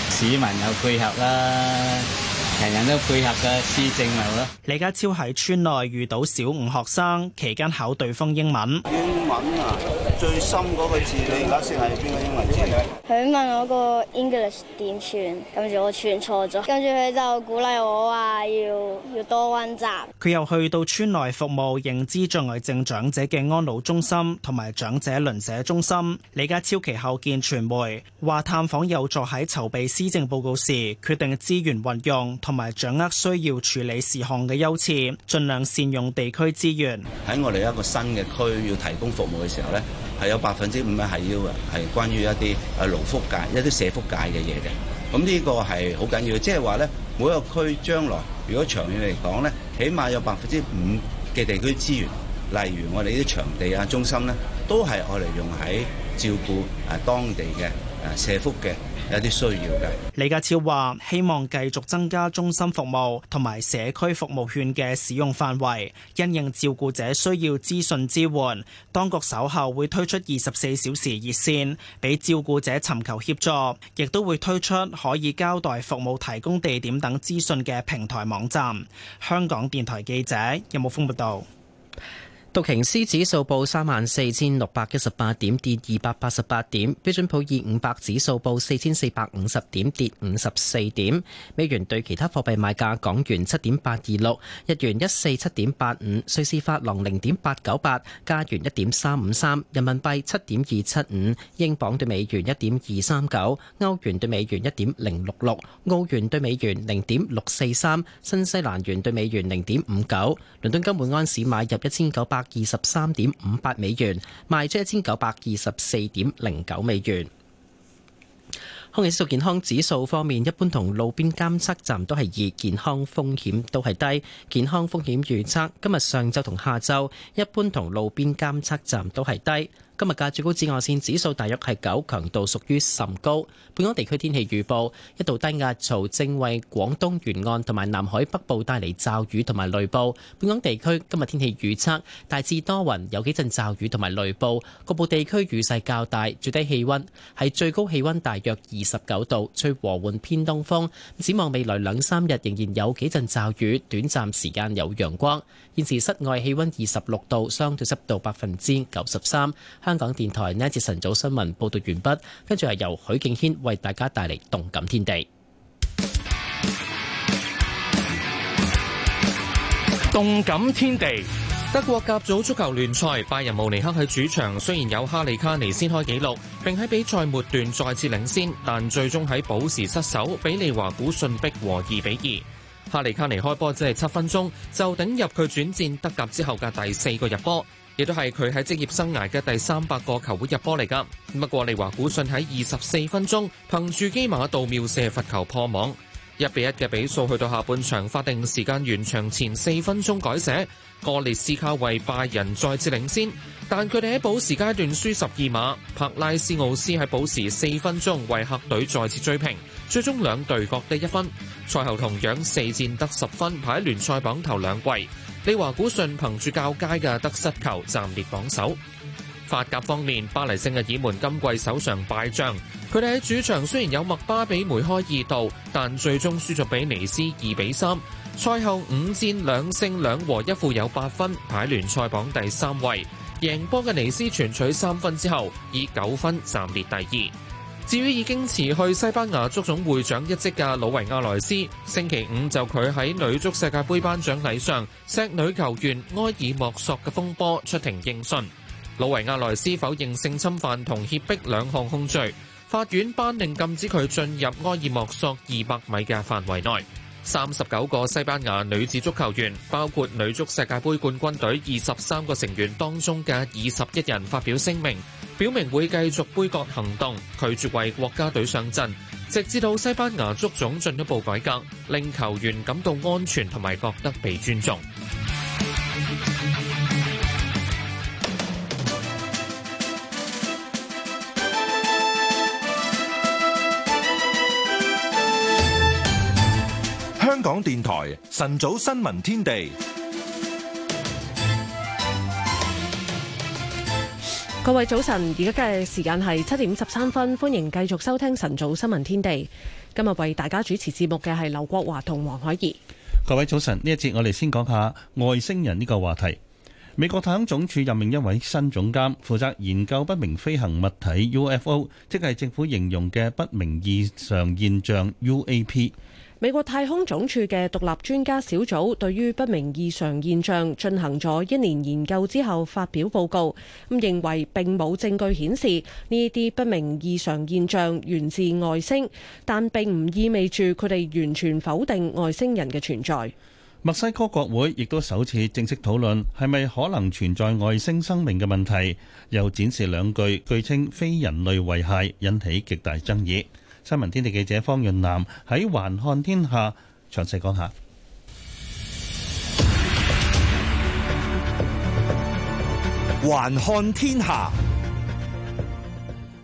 市民又配合啦。人人都配合嘅施政啦。李家超喺村內遇到小五學生，期間考對方英文。英文啊，最深嗰個字，你而家先係邊個英文？邊佢問我個 English 點串，跟住我串錯咗，跟住佢就鼓勵我話要要多溫習。佢又去到村內服務認知障礙症長者嘅安老中心同埋長者鄰舍中心。李家超其後見傳媒，話探訪有助喺籌備施政報告時，決定資源運用。同埋掌握需要處理事項嘅優次，盡量善用地區資源。喺我哋一個新嘅區要提供服務嘅時候咧，係有百分之五咧係要係關於一啲誒勞福界、一啲社福界嘅嘢嘅。咁呢個係好緊要，即係話咧，每一個區將來如果長遠嚟講咧，起碼有百分之五嘅地區資源，例如我哋啲場地啊、中心咧，都係我哋用喺照顧誒當地嘅誒社福嘅。有啲需要嘅。李家超話希望繼續增加中心服務同埋社區服務券嘅使用範圍，因應照顧者需要資訊支援。當局稍後會推出二十四小時熱線俾照顧者尋求協助，亦都會推出可以交代服務提供地點等資訊嘅平台網站。香港電台記者任武峯報道。道瓊斯指數報三萬四千六百一十八點，跌二百八十八點；標準普爾五百指數報四千四百五十點，跌五十四點。美元對其他貨幣買價：港元七點八二六，日元一四七點八五，瑞士法郎零點八九八，加元一點三五三，人民幣七點二七五。英鎊對美元一點二三九，歐元對美元一點零六六，澳元對美元零點六四三，新西蘭元對美元零點五九，倫敦金每安士買入一千九百百二十三點五八美元，賣咗一千九百二十四點零九美元。空氣質素健康指數方面，一般同路邊監測站都係二，健康風險都係低。健康風險預測，今日上晝同下晝，一般同路邊監測站都係低。今日嘅最高紫外線指數大約係九，強度屬於甚高。本港地區天氣預報，一道低壓槽正為廣東沿岸同埋南海北部帶嚟驟雨同埋雷暴。本港地區今日天氣預測大致多雲，有幾陣驟雨同埋雷暴，局部地區雨勢較大，最低氣溫係最高氣溫大約二十九度，吹和緩偏東風。展望未來兩三日仍然有幾陣驟雨，短暫時間有陽光。現時室外氣溫二十六度，相對濕度百分之九十三。香港電台呢節晨早新聞報道完畢，跟住係由許敬軒為大家帶嚟動感天地。動感天地，德國甲組足球聯賽，拜仁慕尼黑喺主場，雖然有哈利卡尼先開紀錄，並喺比賽末段再次領先，但最終喺補時失守，比利華古遜逼和二比二。哈利卡尼開波只係七分鐘就頂入佢轉戰德甲之後嘅第四個入波。亦都係佢喺職業生涯嘅第三百個球會入波嚟㗎。不過利華古信喺二十四分鐘憑住基馬到妙射罰球破網，一比一嘅比數去到下半場法定時間完場前四分鐘改寫。戈列斯卡為拜仁再次領先，但佢哋喺補時階段輸十二碼。柏拉斯奧斯喺補時四分鐘為客隊再次追平，最終兩隊各得一分。賽後同樣四戰得十分，排喺聯賽榜頭兩位。利華古遜憑住較佳嘅得失球，暫列榜首。法甲方面，巴黎聖日耳門今季首場敗仗，佢哋喺主場雖然有麥巴比梅開二度，但最終輸咗俾尼斯二比三。賽後五戰兩勝兩和一負，有八分，排聯賽榜第三位。贏波嘅尼斯全取三分之後，以九分暫列第二。至於已經辭去西班牙足總會長一職嘅魯維亞萊斯，星期五就佢喺女足世界盃頒獎禮上，錫女球員埃爾莫索嘅風波出庭應訊。魯維亞萊斯否認性侵犯同脅迫兩項控罪，法院頒令禁止佢進入埃爾莫索二百米嘅範圍內。三十九個西班牙女子足球員，包括女足世界盃冠軍隊二十三個成員當中嘅二十一人，發表聲明。表明會繼續杯葛行動，拒絕為國家隊上陣，直至到西班牙足總進一步改革，令球員感到安全同埋覺得被尊重。香港電台晨早新聞天地。各位早晨，而家嘅時間係七點十三分，歡迎繼續收聽晨早新聞天地。今日為大家主持節目嘅係劉國華同黃海怡。各位早晨，呢一節我哋先講一下外星人呢個話題。美國太空總署任命一位新總監，負責研究不明飛行物體 UFO，即係政府形容嘅不明異常現象 UAP。美國太空總署嘅獨立專家小組對於不明異常現象進行咗一年研究之後發表報告，咁認為並冇證據顯示呢啲不明異常現象源自外星，但並唔意味住佢哋完全否定外星人嘅存在。墨西哥國會亦都首次正式討論係咪可能存在外星生命嘅問題，又展示兩句據稱非人類遺骸，引起極大爭議。新聞天地記者方潤南喺《環看天下》詳細講下，《環看天下》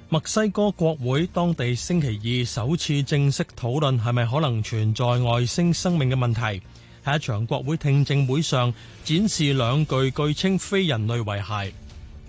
墨西哥國會當地星期二首次正式討論係咪可能存在外星生命嘅問題，喺一場國會聽證會上展示兩具據稱非人類遺骸，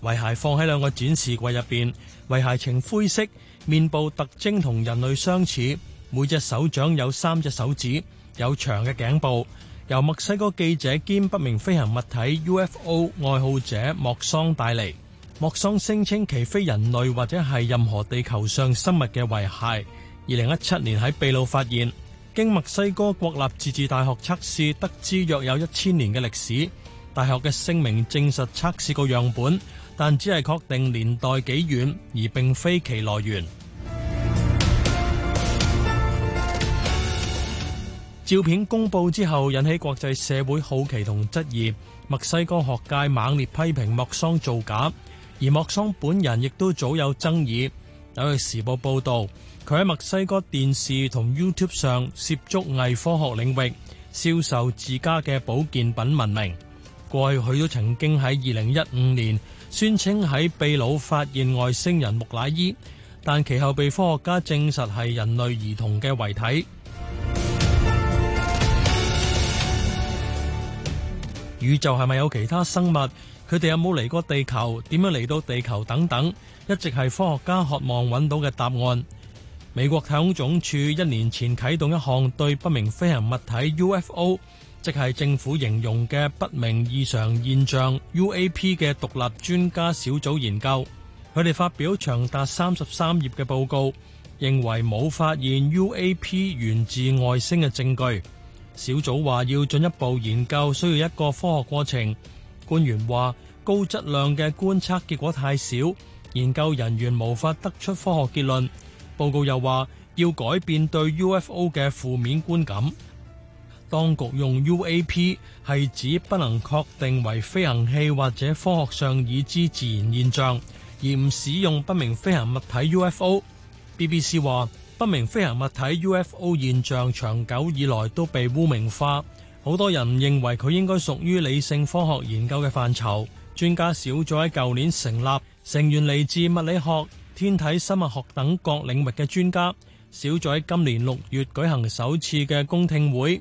遺骸放喺兩個展示櫃入邊，遺骸呈灰色。面部特徵同人類相似每隻手掌有三隻手指有長嘅頸部由墨西哥記者兼不明飛行物體 UFO 愛好者莫桑帶嚟莫桑聲稱其非人類或者係任何地球上生物嘅遺骸2017年喺秘魯發現經墨西哥國立自治大學測試得知約有一千年的歷史大學的聲明證實測試過樣本但只係確定年代幾遠，而並非其來源。照片公佈之後，引起國際社會好奇同質疑。墨西哥學界猛烈批評莫桑造假，而莫桑本人亦都早有爭議。《紐約時報》報道，佢喺墨西哥電視同 YouTube 上涉足偽科學領域，銷售自家嘅保健品聞名。過去佢都曾經喺二零一五年，宣稱喺秘魯發現外星人木乃伊，但其後被科學家證實係人類兒童嘅遺體。 宇宙係咪有其他生物？佢哋有冇嚟過地球？點樣嚟到地球？等等，一直係科學家渴望揾到嘅答案。美國太空總署一年前啟動一項對不明飛行物體 UFO。即係政府形容嘅不明異常現象 UAP 嘅獨立專家小組研究，佢哋發表長達三十三頁嘅報告，認為冇發現 UAP 源自外星嘅證據。小組話要進一步研究需要一個科學過程。官員話高質量嘅觀測結果太少，研究人員無法得出科學結論。報告又話要改變對 UFO 嘅負面觀感。當局用 UAP 係指不能確定為飛行器或者科學上已知自然現象，而唔使用不明飛行物體 UFO。BBC 話不明飛行物體 UFO 現象長久以來都被污名化，好多人認為佢應該屬於理性科學研究嘅範疇。專家小組喺舊年成立，成員嚟自物理學、天體生物學等各領域嘅專家，小組喺今年六月舉行首次嘅公聽會。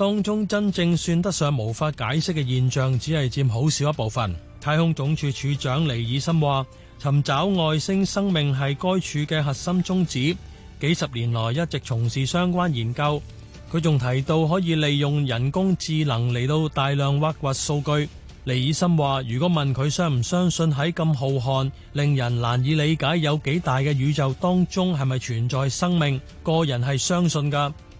當中真正算得上無法解釋嘅現象，只係佔好少一部分。太空總署署長尼爾森話，尋找外星生命係該處嘅核心宗旨，幾十年來一直從事相關研究。佢仲提到可以利用人工智能嚟到大量挖掘數據。尼爾森話，如果問佢相唔相信喺咁浩瀚、令人難以理解有幾大嘅宇宙當中係咪存在生命，個人係相信噶。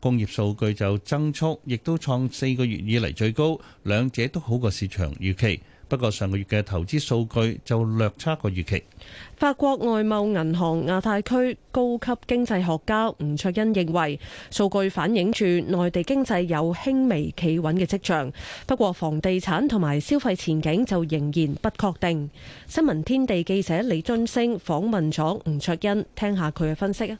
工業數據就增速，亦都創四個月以嚟最高，兩者都好過市場預期。不過上個月嘅投資數據就略差過預期。法國外貿銀行亞太區高級經濟學家吳卓恩認為，數據反映住內地經濟有輕微企穩嘅跡象，不過房地產同埋消費前景就仍然不確定。新聞天地記者李津星訪問咗吳卓恩，聽下佢嘅分析。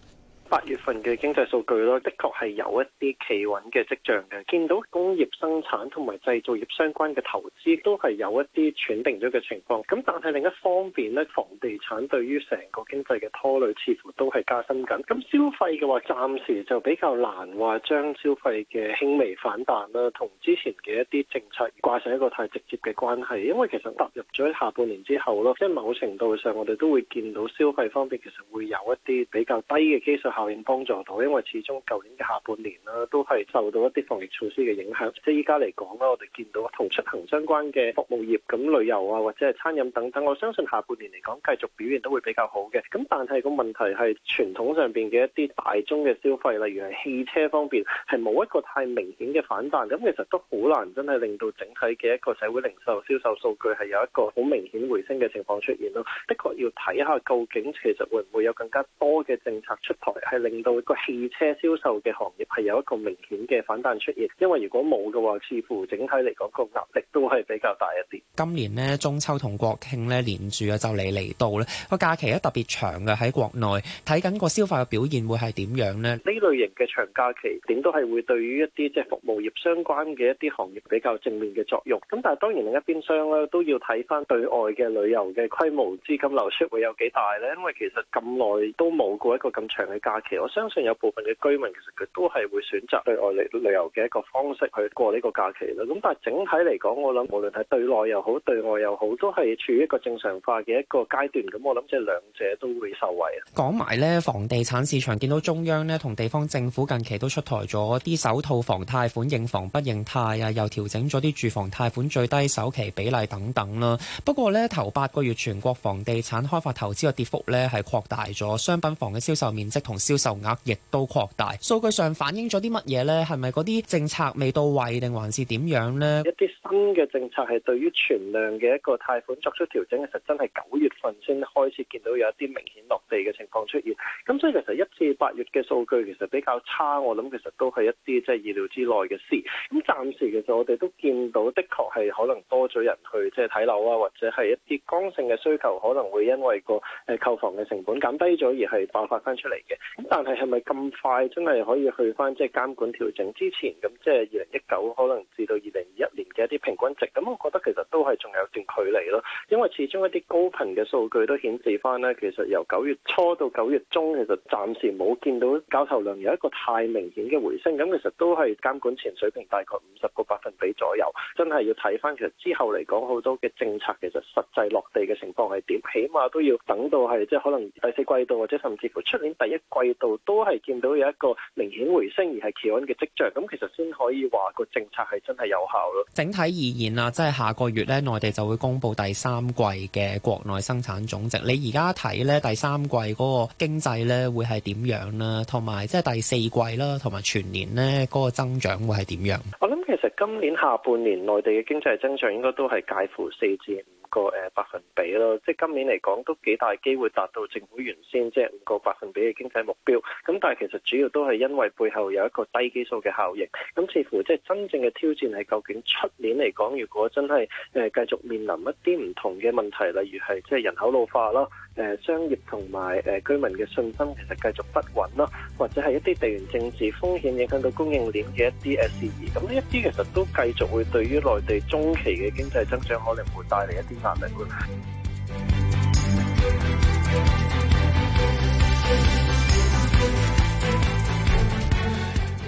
八月份嘅經濟數據咯，的確係有一啲企穩嘅跡象嘅。見到工業生產同埋製造業相關嘅投資都係有一啲轉定咗嘅情況。咁但係另一方面咧，房地產對於成個經濟嘅拖累似乎都係加深緊。咁消費嘅話，暫時就比較難話將消費嘅輕微反彈啦，同之前嘅一啲政策掛上一個太直接嘅關係。因為其實踏入咗下半年之後咯，即係某程度上我哋都會見到消費方面其實會有一啲比較低嘅基數。效應幫助到，因為始終舊年嘅下半年啦，都係受到一啲防疫措施嘅影響。即係依家嚟講啦，我哋見到同出行相關嘅服務業，咁旅遊啊，或者係餐飲等等，我相信下半年嚟講繼續表現都會比較好嘅。咁但係個問題係傳統上邊嘅一啲大宗嘅消費，例如係汽車方面，係冇一個太明顯嘅反彈。咁其實都好難真係令到整體嘅一個社會零售銷售，售數據係有一個好明顯回升嘅情況出現咯。的確要睇下究竟其實會唔會有更加多嘅政策出台。係令到個汽車銷售嘅行業係有一個明顯嘅反彈出現，因為如果冇嘅話，似乎整體嚟講個壓力都係比較大一啲。今年咧中秋同國慶咧連住啊，就嚟嚟到咧個假期咧特別長嘅，喺國內睇緊個消費嘅表現會係點樣呢？呢類型嘅長假期點都係會對於一啲即係服務業相關嘅一啲行業比較正面嘅作用。咁但係當然另一邊商咧都要睇返對外嘅旅遊嘅規模資金流出會有幾大呢？因為其實咁耐都冇過一個咁長嘅假期。我相信有部分嘅居民其實佢都係會選擇對外嚟旅遊嘅一個方式去過呢個假期啦。咁但係整體嚟講，我諗無論係對內又好，對外又好，都係處於一個正常化嘅一個階段。咁我諗即係兩者都會受惠。講埋呢，房地產市場見到中央呢，同地方政府近期都出台咗啲首套房貸款認房不認貸啊，又調整咗啲住房貸款最低首期比例等等啦。不過呢，頭八個月全國房地產開發投資嘅跌幅呢，係擴大咗，商品房嘅銷售面積同。銷售額亦都擴大，數據上反映咗啲乜嘢呢？係咪嗰啲政策未到位，定還是點樣呢？一啲新嘅政策係對於存量嘅一個貸款作出調整嘅時候，真係九月份先開始見到有一啲明顯落地嘅情況出現。咁所以其實一至八月嘅數據其實比較差，我諗其實都係一啲即係意料之內嘅事。咁暫時其實我哋都見到的確係可能多咗人去即係睇樓啊，或者係一啲剛性嘅需求可能會因為個誒購房嘅成本減低咗而係爆發翻出嚟嘅。咁但係係咪咁快真係可以去翻即係監管調整之前咁即係二零一九可能至到二零二一年嘅一啲平均值？咁我覺得其實都係仲有段距離咯，因為始終一啲高頻嘅數據都顯示翻呢，其實由九月初到九月中，其實暫時冇見到交投量有一個太明顯嘅回升。咁其實都係監管前水平大概五十個百分比左右，真係要睇翻其實之後嚟講好多嘅政策其實實際落地嘅情況係點？起碼都要等到係即係可能第四季度或者甚至乎出年第一季。季度都係見到有一個明顯回升而係企穩嘅跡象，咁其實先可以話個政策係真係有效咯。整體而言啊，即係下個月咧，內地就會公布第三季嘅國內生產總值。你而家睇咧第三季嗰個經濟咧會係點樣啦？同埋即係第四季啦，同埋全年咧嗰個增長會係點樣？我諗其實今年下半年內地嘅經濟增長應該都係介乎四至個誒百分比咯，即係今年嚟講都幾大機會達到政府原先即係五個百分比嘅經濟目標。咁但係其實主要都係因為背後有一個低基數嘅效應。咁似乎即係真正嘅挑戰係究竟出年嚟講，如果真係誒繼續面臨一啲唔同嘅問題，例如係即係人口老化啦。誒商業同埋誒居民嘅信心其實繼續不穩啦，或者係一啲地緣政治風險影響到供應鏈嘅一啲誒事宜，咁呢一啲其實都繼續會對於內地中期嘅經濟增長可能會帶嚟一啲壓力。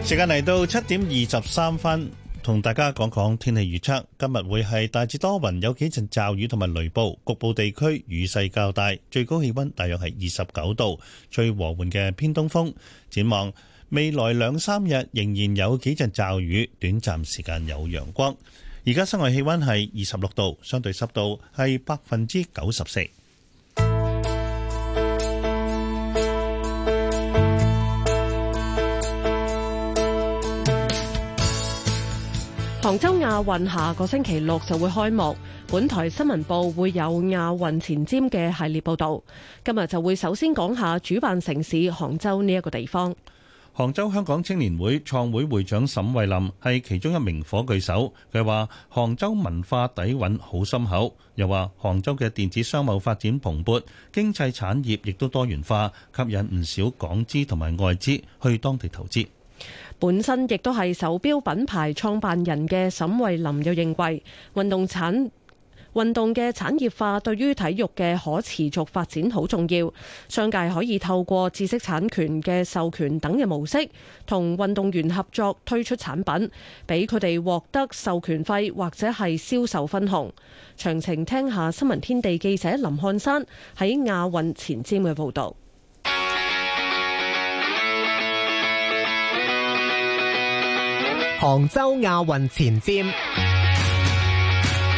時間嚟到七點二十三分。同大家講講天氣預測，今日會係大致多雲，有幾陣驟雨同埋雷暴，局部地區雨勢較大，最高氣溫大約係二十九度，最和緩嘅偏東風。展望未來兩三日仍然有幾陣驟雨，短暫時間有陽光。而家室外氣溫係二十六度，相對濕度係百分之九十四。杭州亞運下個星期六就會開幕，本台新聞部會有亞運前瞻嘅系列報道。今日就會首先講下主辦城市杭州呢一個地方。杭州香港青年會創會會長沈慧林係其中一名火炬手，佢話杭州文化底蘊好深厚，又話杭州嘅電子商務發展蓬勃，經濟產業亦都多元化，吸引唔少港資同埋外資去當地投資。本身亦都係手表品牌創辦人嘅沈慧林又認為運動產，運動嘅產業化對於體育嘅可持續發展好重要。商界可以透過知識產權嘅授權等嘅模式，同運動員合作推出產品，俾佢哋獲得授權費或者係銷售分紅，詳情聽下新聞天地記者林漢山喺亞運前瞻嘅報道。杭州亞運前瞻。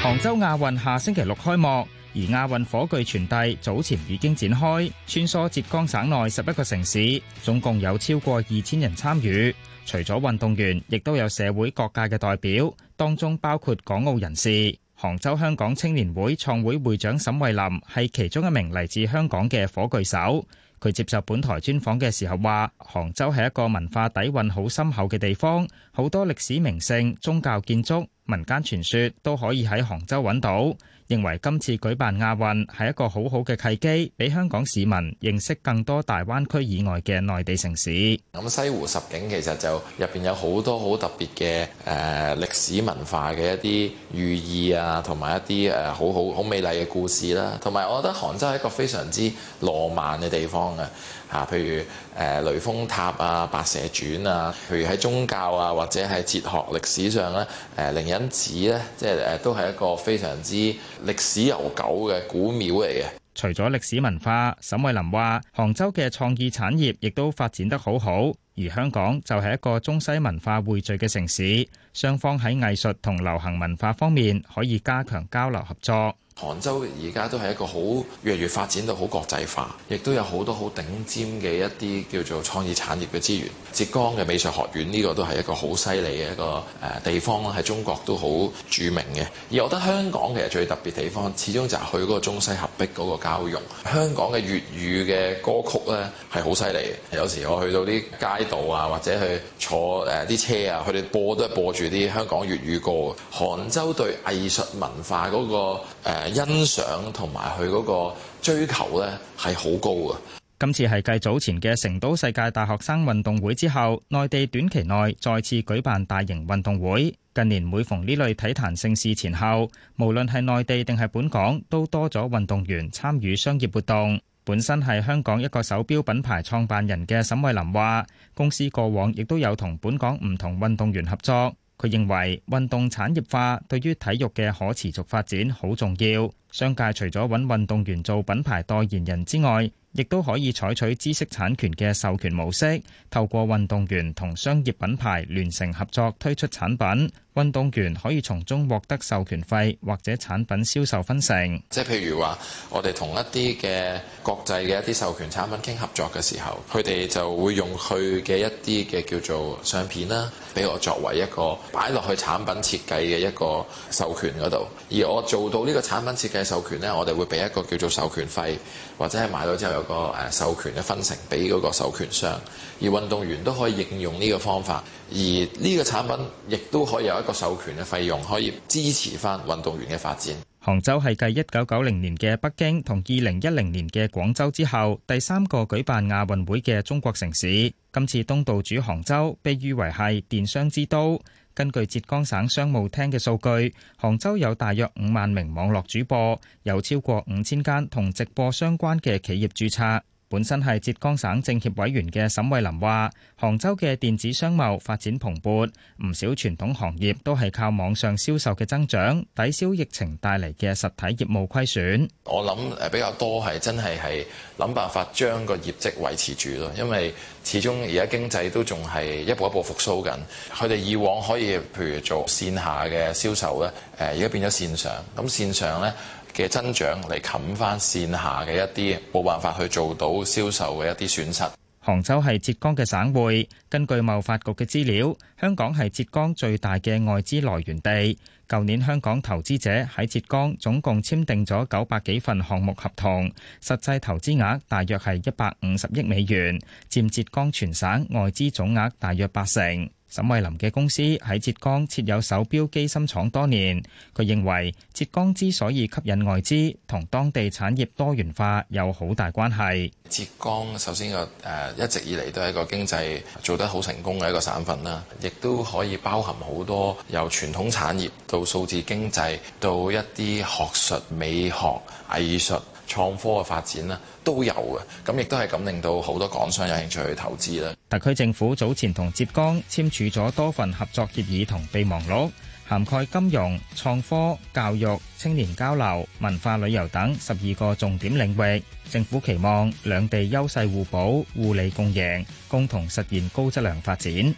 杭州亞運下星期六開幕，而亞運火炬傳遞早前已經展開，穿梭浙江省內十一個城市，總共有超過二千人參與。除咗運動員，亦都有社會各界嘅代表，當中包括港澳人士。杭州香港青年會創會會長沈慧林係其中一名嚟自香港嘅火炬手。佢接受本台專訪嘅時候話，杭州係一個文化底蘊好深厚嘅地方，好多歷史名勝、宗教建築、民間傳說都可以喺杭州揾到。認為今次舉辦亞運係一個好好嘅契機，俾香港市民認識更多大灣區以外嘅內地城市。咁西湖十景其實就入邊有好多好特別嘅誒、呃、歷史文化嘅一啲寓意啊，同埋一啲誒好好好美麗嘅故事啦、啊。同埋我覺得杭州係一個非常之浪漫嘅地方啊。啊，譬如誒雷峰塔啊、白蛇傳啊，譬如喺宗教啊或者係哲學歷史上咧，誒靈隱寺咧，即係誒都係一個非常之歷史悠久嘅古廟嚟嘅。除咗歷史文化，沈慧琳話杭州嘅創意產業亦都發展得好好，而香港就係一個中西文化匯聚嘅城市，雙方喺藝術同流行文化方面可以加強交流合作。杭州而家都係一個好越嚟越發展到好國際化，亦都有好多好頂尖嘅一啲叫做創意產業嘅資源。浙江嘅美術學院呢、呢個都係一個好犀利嘅一個、呃、地方，喺中國都好著名嘅。而我覺得香港其實最特別地方，始終就係去嗰個中西合璧嗰個交融。香港嘅粵語嘅歌曲呢，係好犀利。有時候我去到啲街道啊，或者去坐誒啲、呃、車啊，佢哋播都係播住啲香港粵語歌。杭州對藝術文化嗰、那個、呃欣賞同埋佢嗰個追求咧，係好高嘅。今次係繼早前嘅成都世界大學生運動會之後，內地短期內再次舉辦大型運動會。近年每逢呢類體壇盛事前後，無論係內地定係本港，都多咗運動員參與商業活動。本身係香港一個手錶品牌創辦人嘅沈慧琳話公司過往亦都有同本港唔同運動員合作。佢認為運動產業化對於體育嘅可持續發展好重要。商界除咗搵運動員做品牌代言人之外，亦都可以採取知識產權嘅授權模式，透過運動員同商業品牌聯成合作推出產品，運動員可以從中獲得授權費或者產品銷售分成。即係譬如話，我哋同一啲嘅國際嘅一啲授權產品傾合作嘅時候，佢哋就會用佢嘅一啲嘅叫做相片啦，俾我作為一個擺落去產品設計嘅一個授權嗰度，而我做到呢個產品設計。授權呢，我哋會俾一個叫做授權費，或者係買到之後有個誒授權嘅分成，俾嗰個授權商。而運動員都可以應用呢個方法，而呢個產品亦都可以有一個授權嘅費用，可以支持返運動員嘅發展。杭州係繼一九九零年嘅北京同二零一零年嘅廣州之後，第三個舉辦亞運會嘅中國城市。今次東道主杭州被譽為係電商之都。根據浙江省商務廳嘅數據，杭州有大約五萬名網絡主播，有超過五千間同直播相關嘅企業註冊。本身係浙江省政協委員嘅沈慧林話，杭州嘅電子商貿發展蓬勃，唔少傳統行業都係靠網上銷售嘅增長抵消疫情帶嚟嘅實體業務虧損。我諗誒比較多係真係，係諗辦法將個業績維持住咯，因為始終而家經濟都仲係一步一步復甦緊，佢哋以往可以譬如做線下嘅銷售咧，誒而家變咗線上，咁線上咧，嘅增長嚟冚翻線下嘅一啲冇辦法去做到銷售嘅一啲損失。杭州係浙江嘅省會。根據貿發局嘅資料，香港係浙江最大嘅外資來源地。舊年香港投資者喺浙江總共簽訂咗九百幾份項目合同，實際投資額大約係一百五十億美元，佔浙江全省外資總額大約八成。沈慧林嘅公司喺浙江設有手表機芯廠多年，佢認為浙江之所以吸引外資，同當地產業多元化有好大關係。浙江首先個誒一直以嚟都係一個經濟做得好成功嘅一個省份啦，亦都可以包含好多由傳統產業到數字經濟到一啲學術、美學、藝術。創科嘅發展咧都有嘅，咁亦都係咁令到好多港商有興趣去投資啦。特區政府早前同浙江簽署咗多份合作協議同備忘錄，涵蓋金融、創科、教育、青年交流、文化旅遊等十二個重點領域。政府期望兩地優勢互補、互利共贏，共同實現高質量發展。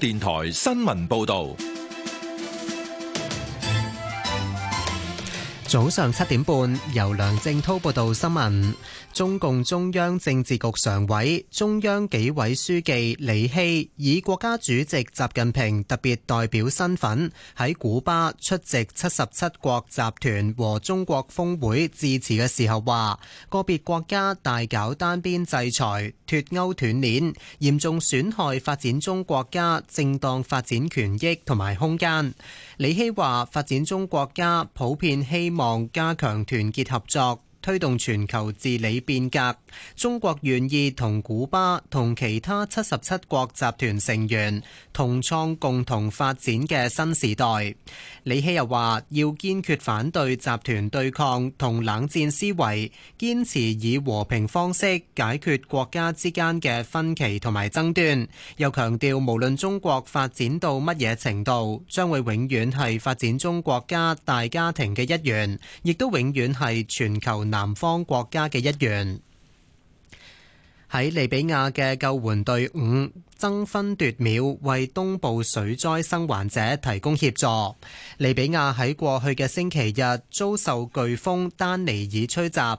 電台新聞報道。早上七點半，由梁正濤報道新聞。中共中央政治局常委、中央紀委書記李希以國家主席習近平特別代表身份喺古巴出席七十七國集團和中國峰會致辭嘅時候話：個別國家大搞單邊制裁、脱歐斷鏈，嚴重損害發展中國家正當發展權益同埋空間。李希話發展中國家普遍希望加強團結合作。推動全球治理變革，中國願意同古巴同其他七十七國集團成員同創共同發展嘅新時代。李希又話要堅決反對集團對抗同冷戰思維，堅持以和平方式解決國家之間嘅分歧同埋爭端。又強調無論中國發展到乜嘢程度，將會永遠係發展中國家大家庭嘅一員，亦都永遠係全球，南方國家嘅一員。喺利比亞嘅救援隊伍爭分奪秒，為東部水災生還者提供協助。利比亞喺過去嘅星期日遭受颶風丹尼爾吹襲。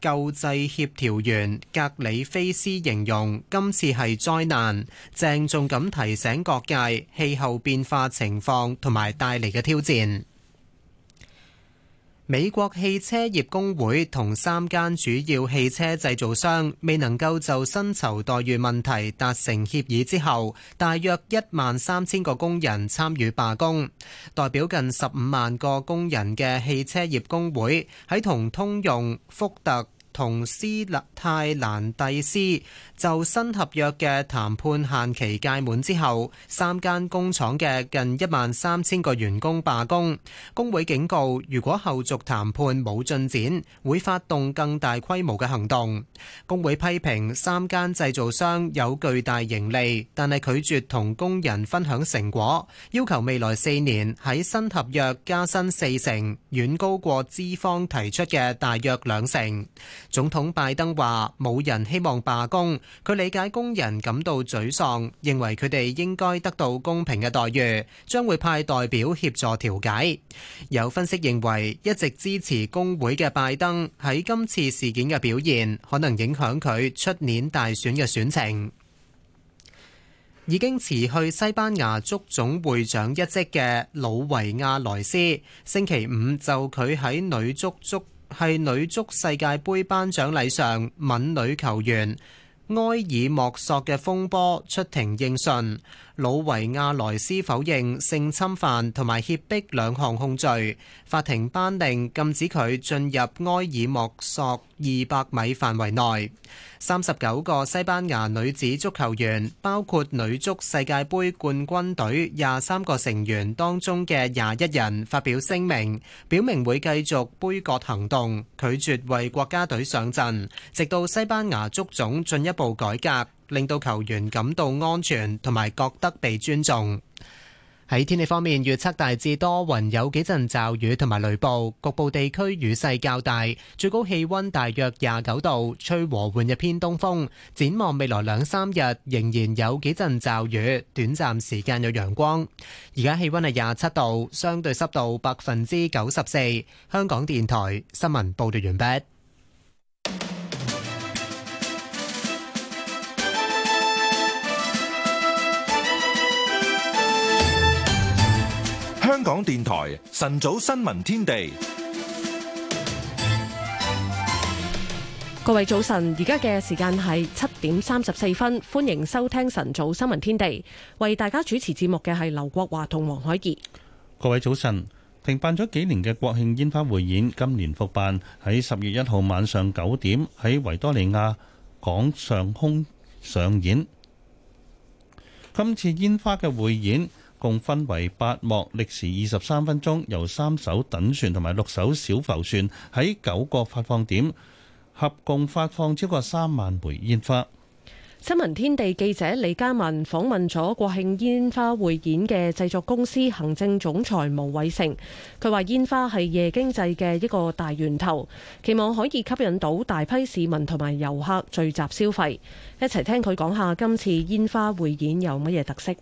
救濟協調員格里菲斯形容今次係災難，鄭重咁提醒各界氣候變化情況同埋帶嚟嘅挑戰。美國汽車業工會同三間主要汽車製造商未能夠就，就薪酬待遇問題達成協議之後，大約一萬三千個工人參與罷工。代表近十五萬個工人嘅汽車業工會喺同通用、福特。同斯泰蘭蒂斯就新合約嘅談判限期屆滿之後，三間工廠嘅近一萬三千個員工罷工。工會警告，如果後續談判冇進展，會發動更大規模嘅行動。工會批評三間製造商有巨大盈利，但係拒絕同工人分享成果，要求未來四年喺新合約加薪四成，遠高過資方提出嘅大約兩成。總統拜登話：冇人希望罷工，佢理解工人感到沮喪，認為佢哋應該得到公平嘅待遇，將會派代表協助調解。有分析認為，一直支持工會嘅拜登喺今次事件嘅表現，可能影響佢出年大選嘅選情。已經辭去西班牙足總會長一職嘅魯維亞萊斯，星期五就佢喺女足足係女足世界杯頒獎禮上，吻女球員埃爾莫索嘅風波出庭應訊。魯維亞萊斯否認性侵犯同埋脅迫兩項控罪，法庭頒令禁止佢進入埃爾莫索二百米範圍內。三十九個西班牙女子足球員，包括女足世界杯冠軍隊廿三個成員當中嘅廿一人，發表聲明，表明會繼續杯葛行動，拒絕為國家隊上陣，直到西班牙足總進一步改革。令到球員感到安全同埋覺得被尊重。喺天氣方面，預測大致多雲，有幾陣驟雨同埋雷暴，局部地區雨勢較大。最高氣温大約廿九度，吹和緩日偏東風。展望未來兩三日仍然有幾陣驟雨，短暫時間有陽光。而家氣温係廿七度，相對濕度百分之九十四。香港電台新聞報導完畢。香港電台晨早新聞天地，各位早晨，而家嘅時間係七點三十四分，歡迎收聽晨早新聞天地。為大家主持節目嘅係劉國華同黃海怡。各位早晨，停辦咗幾年嘅國慶煙花匯演，今年復辦，喺十月一號晚上九點喺維多利亞港上空上演。今次煙花嘅匯演。共分為八幕，歷時二十三分鐘，由三艘等船同埋六艘小浮船喺九個發放點，合共發放超過三萬枚煙花。新聞天地記者李嘉文訪問咗國慶煙花匯演嘅製作公司行政總裁毛偉成，佢話煙花係夜經濟嘅一個大源頭，期望可以吸引到大批市民同埋遊客聚集消費，一齊聽佢講下今次煙花匯演有乜嘢特色。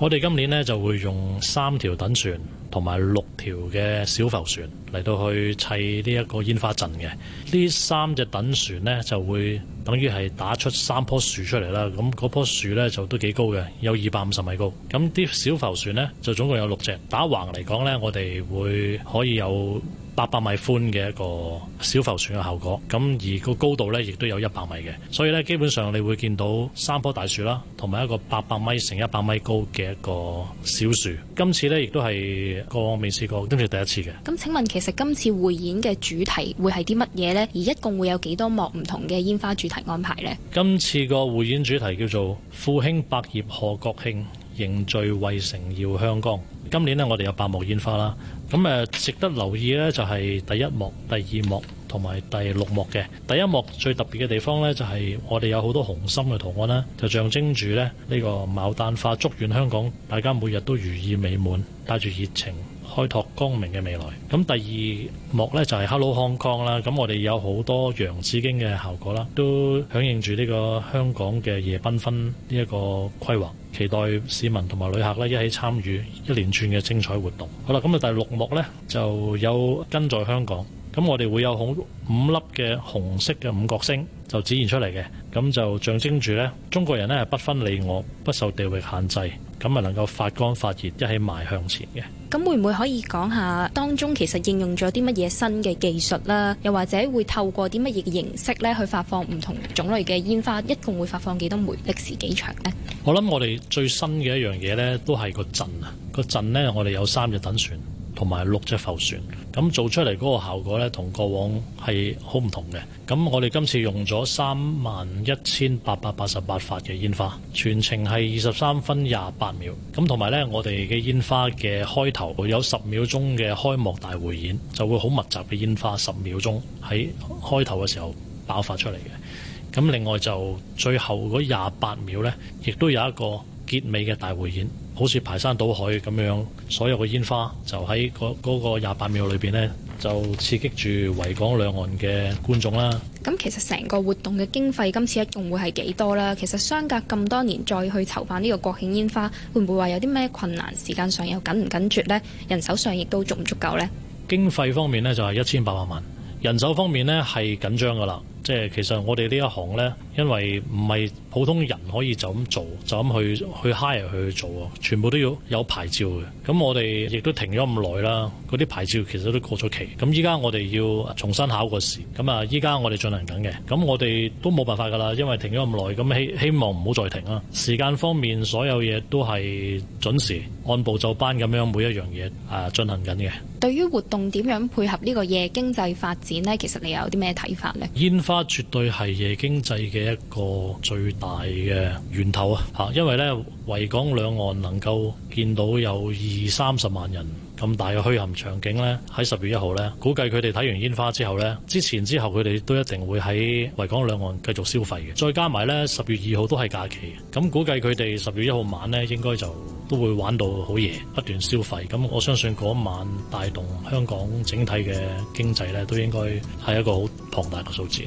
我哋今年呢，就會用三條等船同埋六條嘅小浮船嚟到去砌呢一個煙花陣嘅。呢三隻等船呢，就會等於係打出三棵樹出嚟啦。咁嗰棵樹呢，就都幾高嘅，有二百五十米高。咁啲小浮船呢，就總共有六隻，打橫嚟講呢，我哋會可以有八百米寬嘅一個小浮船嘅效果，咁而個高度呢，亦都有一百米嘅，所以呢，基本上你會見到三棵大樹啦，同埋一個八百米乘一百米高嘅一個小樹。今次呢，亦都係個未試過，今次第一次嘅。咁請問其實今次匯演嘅主題會係啲乜嘢呢？而一共會有幾多幕唔同嘅煙花主題安排呢？今次個匯演主題叫做「富興百業賀國慶，凝聚維城耀香江」。今年呢，我哋有八幕煙花啦。咁誒，值得留意咧，就係第一幕、第二幕同埋第六幕嘅第一幕最特別嘅地方咧，就係我哋有好多紅心嘅圖案啦，就象徵住咧，呢個牡丹花，祝願香港大家每日都如意美滿，帶住熱情，開拓光明嘅未來。咁第二幕呢，就係 Hello Hong Kong 啦。咁我哋有好多洋紫荊嘅效果啦，都響應住呢個香港嘅夜繽紛呢一個規劃，期待市民同埋旅客呢，一起參與一連串嘅精彩活動。好啦，咁啊第六幕呢，就有跟在香港。咁我哋會有好五粒嘅紅色嘅五角星，就展現出嚟嘅，咁就象徵住呢，中國人呢係不分你我不受地域限制，咁啊能夠發光發熱一起邁向前嘅。咁會唔會可以講下當中其實應用咗啲乜嘢新嘅技術啦？又或者會透過啲乜嘢形式呢去發放唔同種類嘅煙花？一共會發放幾多枚？歷時幾長呢？我諗我哋最新嘅一樣嘢呢，都係個陣啊，個陣呢，我哋有三隻等船。同埋六隻浮船，咁做出嚟嗰個效果呢，同過往係好唔同嘅。咁我哋今次用咗三萬一千八百八十八發嘅煙花，全程係二十三分廿八秒。咁同埋呢，我哋嘅煙花嘅開頭會有十秒鐘嘅開幕大匯演，就會好密集嘅煙花十秒鐘喺開頭嘅時候爆發出嚟嘅。咁另外就最後嗰廿八秒呢，亦都有一個結尾嘅大匯演。好似排山倒海咁樣，所有嘅煙花就喺嗰個廿八秒裏邊呢，就刺激住維港兩岸嘅觀眾啦。咁其實成個活動嘅經費今次一共會係幾多啦？其實相隔咁多年再去籌辦呢個國慶煙花，會唔會話有啲咩困難？時間上又緊唔緊絀呢？人手上亦都足唔足夠呢？經費方面呢，就係一千八百萬，人手方面呢，係緊張㗎喇。即係其實我哋呢一行呢，因為唔係普通人可以就咁做，就咁去去 hire 去去做，全部都要有牌照嘅。咁我哋亦都停咗咁耐啦，嗰啲牌照其實都過咗期。咁依家我哋要重新考個試，咁啊依家我哋進行緊嘅。咁我哋都冇辦法㗎啦，因為停咗咁耐，咁希希望唔好再停啦。時間方面，所有嘢都係準時按部就班咁樣每一樣嘢啊進行緊嘅。對於活動點樣配合呢個夜經濟發展呢，其實你有啲咩睇法呢？煙花絕對係夜經濟嘅一個最大嘅源頭啊！吓，因為咧，維港兩岸能夠見到有二三十萬人。咁大嘅虛陷場景呢，喺十月一號呢，估計佢哋睇完煙花之後呢，之前之後佢哋都一定會喺維港兩岸繼續消費嘅。再加埋呢，十月二號都係假期，咁估計佢哋十月一號晚呢，應該就都會玩到好夜，不斷消費。咁我相信嗰一晚帶動香港整體嘅經濟呢，都應該係一個好龐大嘅數字。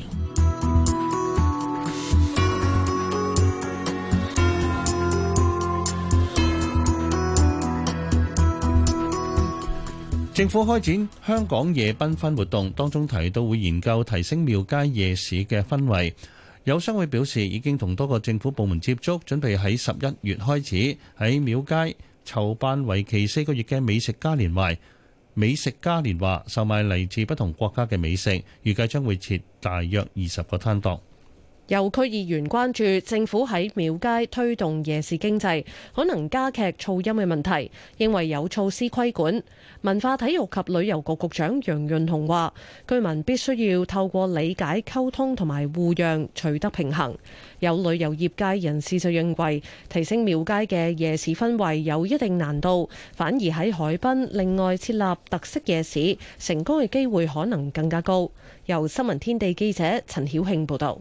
政府開展香港夜繽紛活動，當中提到會研究提升廟街夜市嘅氛圍。有商會表示，已經同多個政府部門接觸，準備喺十一月開始喺廟街籌辦為期四個月嘅美食嘉年華。美食嘉年華售賣嚟自不同國家嘅美食，預計將會設大約二十個攤檔。有區議員關注政府喺廟街推動夜市經濟，可能加劇噪音嘅問題，認為有措施規管。文化體育及旅遊局局長楊潤雄話：居民必須要透過理解、溝通同埋互讓，取得平衡。有旅遊業界人士就認為，提升廟街嘅夜市氛圍有一定難度，反而喺海濱另外設立特色夜市，成功嘅機會可能更加高。由新聞天地記者陳曉慶報道。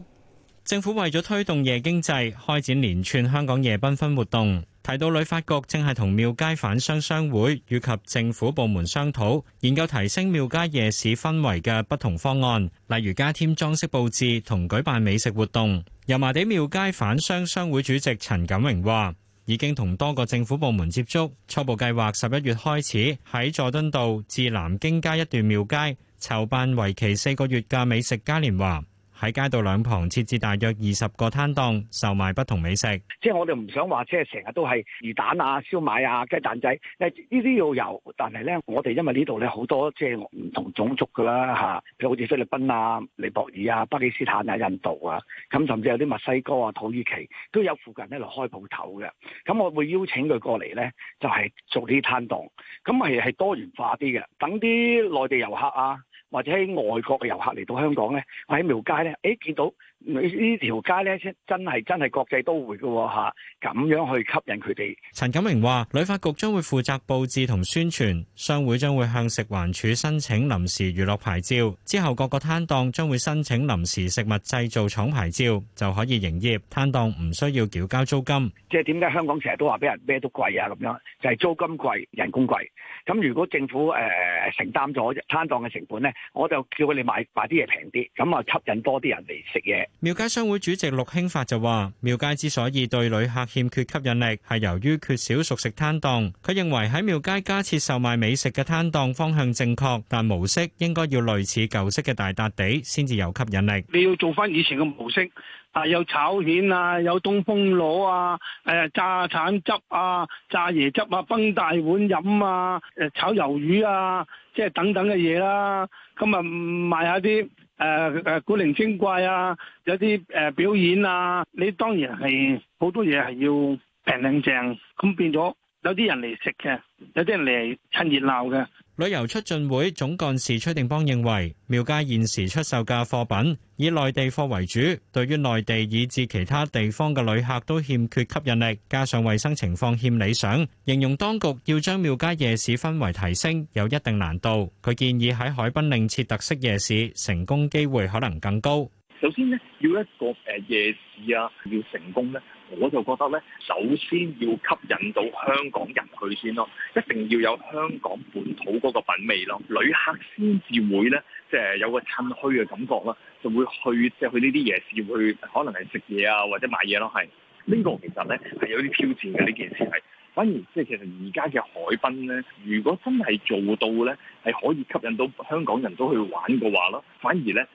政府為咗推動夜經濟，開展連串香港夜繽紛活動。提到旅發局正係同廟街販商商會以及政府部門商討，研究提升廟街夜市氛圍嘅不同方案，例如加添裝飾佈置同舉辦美食活動。油麻地廟街販商商會主席陳錦榮話：已經同多個政府部門接觸，初步計劃十一月開始喺佐敦道至南京街一段廟街籌辦為期四個月嘅美食嘉年華。喺街道兩旁設置大約二十個攤檔，售賣不同美食。即係我哋唔想話，即係成日都係魚蛋啊、燒賣啊、雞蛋仔，呢啲要有。但係咧，我哋因為呢度咧好多即係唔同種族噶啦吓，譬如好似菲律賓啊、尼泊爾啊、巴基斯坦啊、印度啊，咁甚至有啲墨西哥啊、土耳其都有附近呢度開鋪頭嘅。咁我會邀請佢過嚟咧，就係做呢啲攤檔。咁係係多元化啲嘅，等啲內地遊客啊。或者喺外國嘅遊客嚟到香港咧，喺廟街咧，誒、哎、見到。呢條街咧真真係真係國際都會嘅吓，咁樣去吸引佢哋。陳錦明話：旅發局將會負責佈置同宣傳，商會將會向食環署申請臨時娛樂牌照，之後各個攤檔將會申請臨時食物製造廠牌照，就可以營業，攤檔唔需要繳交租金。即係點解香港成日都話俾人咩都貴啊？咁樣就係、是、租金貴、人工貴。咁如果政府誒承擔咗攤檔嘅成本咧，我就叫佢哋賣賣啲嘢平啲，咁啊吸引多啲人嚟食嘢。廟街商會主席陸興發就話：廟街之所以對旅客欠缺吸引力，係由於缺少熟食攤檔。佢認為喺廟街加設售賣美食嘅攤檔方向正確，但模式應該要類似舊式嘅大笪地，先至有吸引力。你要做翻以前嘅模式，啊有炒蜆啊，有東風螺啊，誒炸橙汁啊，炸椰汁啊，崩大碗飲啊，誒炒魷魚啊，即係等等嘅嘢啦。咁啊賣下啲。誒、呃呃、古靈精怪啊，有啲誒、呃、表演啊，你當然係好多嘢係要平靚正，咁變咗有啲人嚟食嘅，有啲人嚟趁熱鬧嘅。旅遊促進會總幹事崔定邦認為，廟街現時出售嘅貨品以內地貨為主，對於內地以至其他地方嘅旅客都欠缺吸引力，加上衛生情況欠理想，形容當局要將廟街夜市氛圍提升有一定難度。佢建議喺海濱另設特色夜市，成功機會可能更高。首先咧，要一個誒夜市啊，要成功咧，我就覺得咧，首先要吸引到香港人去先咯，一定要有香港本土嗰個品味咯，旅客先至會咧，即係有個趁墟嘅感覺啦，就會去即係去呢啲夜市，會可能係食嘢啊或者買嘢咯，係呢個其實咧係有啲挑戰嘅呢件事係，反而即係其實而家嘅海濱咧，如果真係做到咧，係可以吸引到香港人都去玩嘅話咯，反而咧。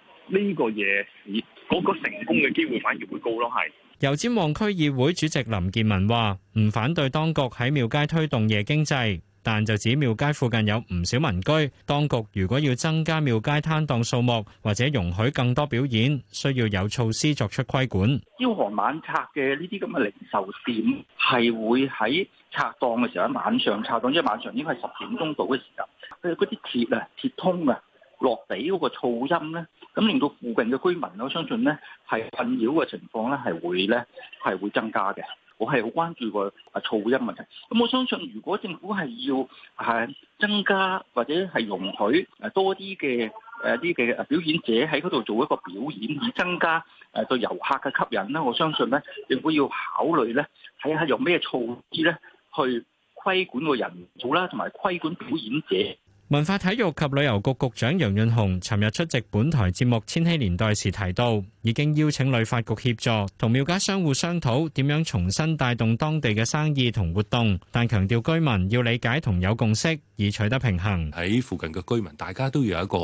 呢個夜市嗰個成功嘅機會反而會高咯，係。油尖旺區議會主席林建文話：唔反對當局喺廟街推動夜經濟，但就指廟街附近有唔少民居，當局如果要增加廟街攤檔數目或者容許更多表演，需要有措施作出規管。朝行晚拆嘅呢啲咁嘅零售店，係會喺拆檔嘅時候喺晚上拆檔，因為晚上應該係十點鐘到嘅時候。佢嗰啲鐵啊鐵通啊。落地嗰個噪音咧，咁令到附近嘅居民我相信咧係困擾嘅情況咧，係會咧係會增加嘅。我係好關注個啊噪音問題。咁我相信，如果政府係要增加或者係容許多啲嘅啲嘅表演者喺嗰度做一個表演，以增加誒對遊客嘅吸引咧，我相信咧，政府要考慮咧，睇下用咩措施咧去規管個人數啦，同埋規管表演者。文化體育及旅遊局局長楊潤雄尋日出席本台節目《千禧年代》時提到，已經邀請旅發局協助同廟街商戶商討點樣重新帶動當地嘅生意同活動，但強調居民要理解同有共識，以取得平衡。喺附近嘅居民，大家都要有一個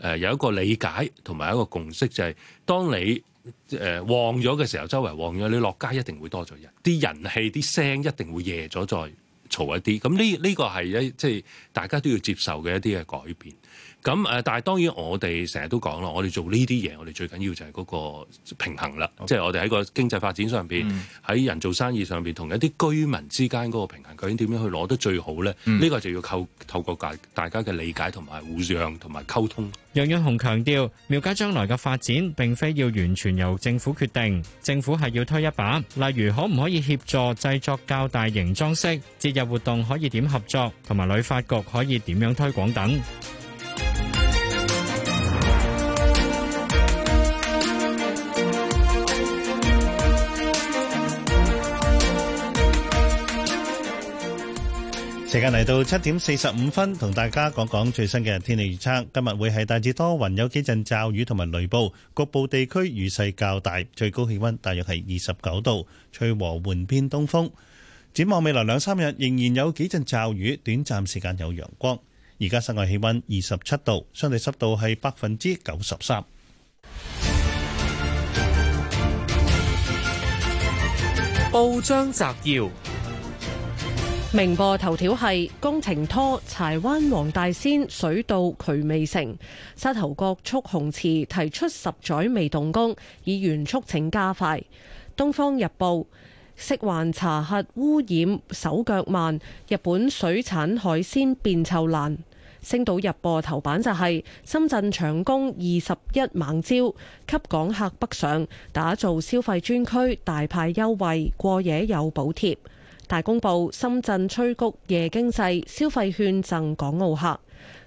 誒有一個理解同埋一個共識，就係、是、當你誒旺咗嘅時候，周圍旺咗，你落街一定會多咗人，啲人氣啲聲一定會夜咗再嘈一啲，咁呢呢個係一即係大家都要接受嘅一啲嘅改變。咁但係當然我，我哋成日都講啦，我哋做呢啲嘢，我哋最緊要就係嗰個平衡啦。Okay. 即係我哋喺個經濟發展上邊，喺、嗯、人做生意上邊同一啲居民之間嗰個平衡，究竟點樣去攞得最好咧？呢、嗯、個就要靠透過大家嘅理解同埋互相同埋溝通。楊潤雄強調，廟街將來嘅發展並非要完全由政府決定，政府係要推一把，例如可唔可以協助製作較大型裝飾節日活動可以點合作，同埋旅發局可以點樣推廣等。時間嚟到七點四十五分，同大家講講最新嘅天氣預測。今日會係大致多雲，有幾陣驟雨同埋雷暴，局部地區雨勢較大。最高氣溫大約係二十九度。吹和緩偏東風，展望未來兩三日仍然有幾陣驟雨，短暫時間有陽光。而家室外氣溫二十七度，相對濕度係百分之九十三。報章摘要：明報頭條係工程拖，柴灣黃大仙水到渠未成，沙頭角蓄洪池提出十載未動工，議員促請加快。《東方日報》食環查核污染手腳慢，日本水產海鮮變臭爛。星島日報頭版就係深圳長工二十一猛招，吸港客北上，打造消費專區，大派優惠，過夜有補貼。大公報深圳催谷夜經濟，消費券贈港澳客。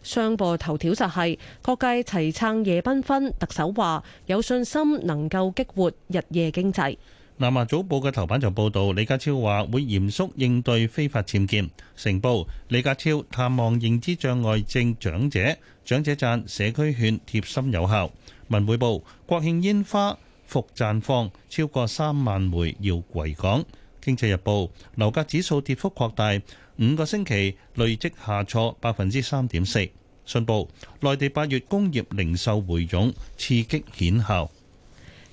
商報頭條就係、是、各界齊撐夜繽紛，特首話有信心能夠激活日夜經濟。南華早報嘅頭版就報道，李家超話會嚴肅應對非法僭建。成報李家超探望認知障礙症長者，長者讚社區券貼心有效。文匯報國慶煙花復綻放，超過三萬枚要回港。經濟日報樓價指數跌幅擴大，五個星期累積下挫百分之三點四。信報內地八月工業零售回勇，刺激顯效。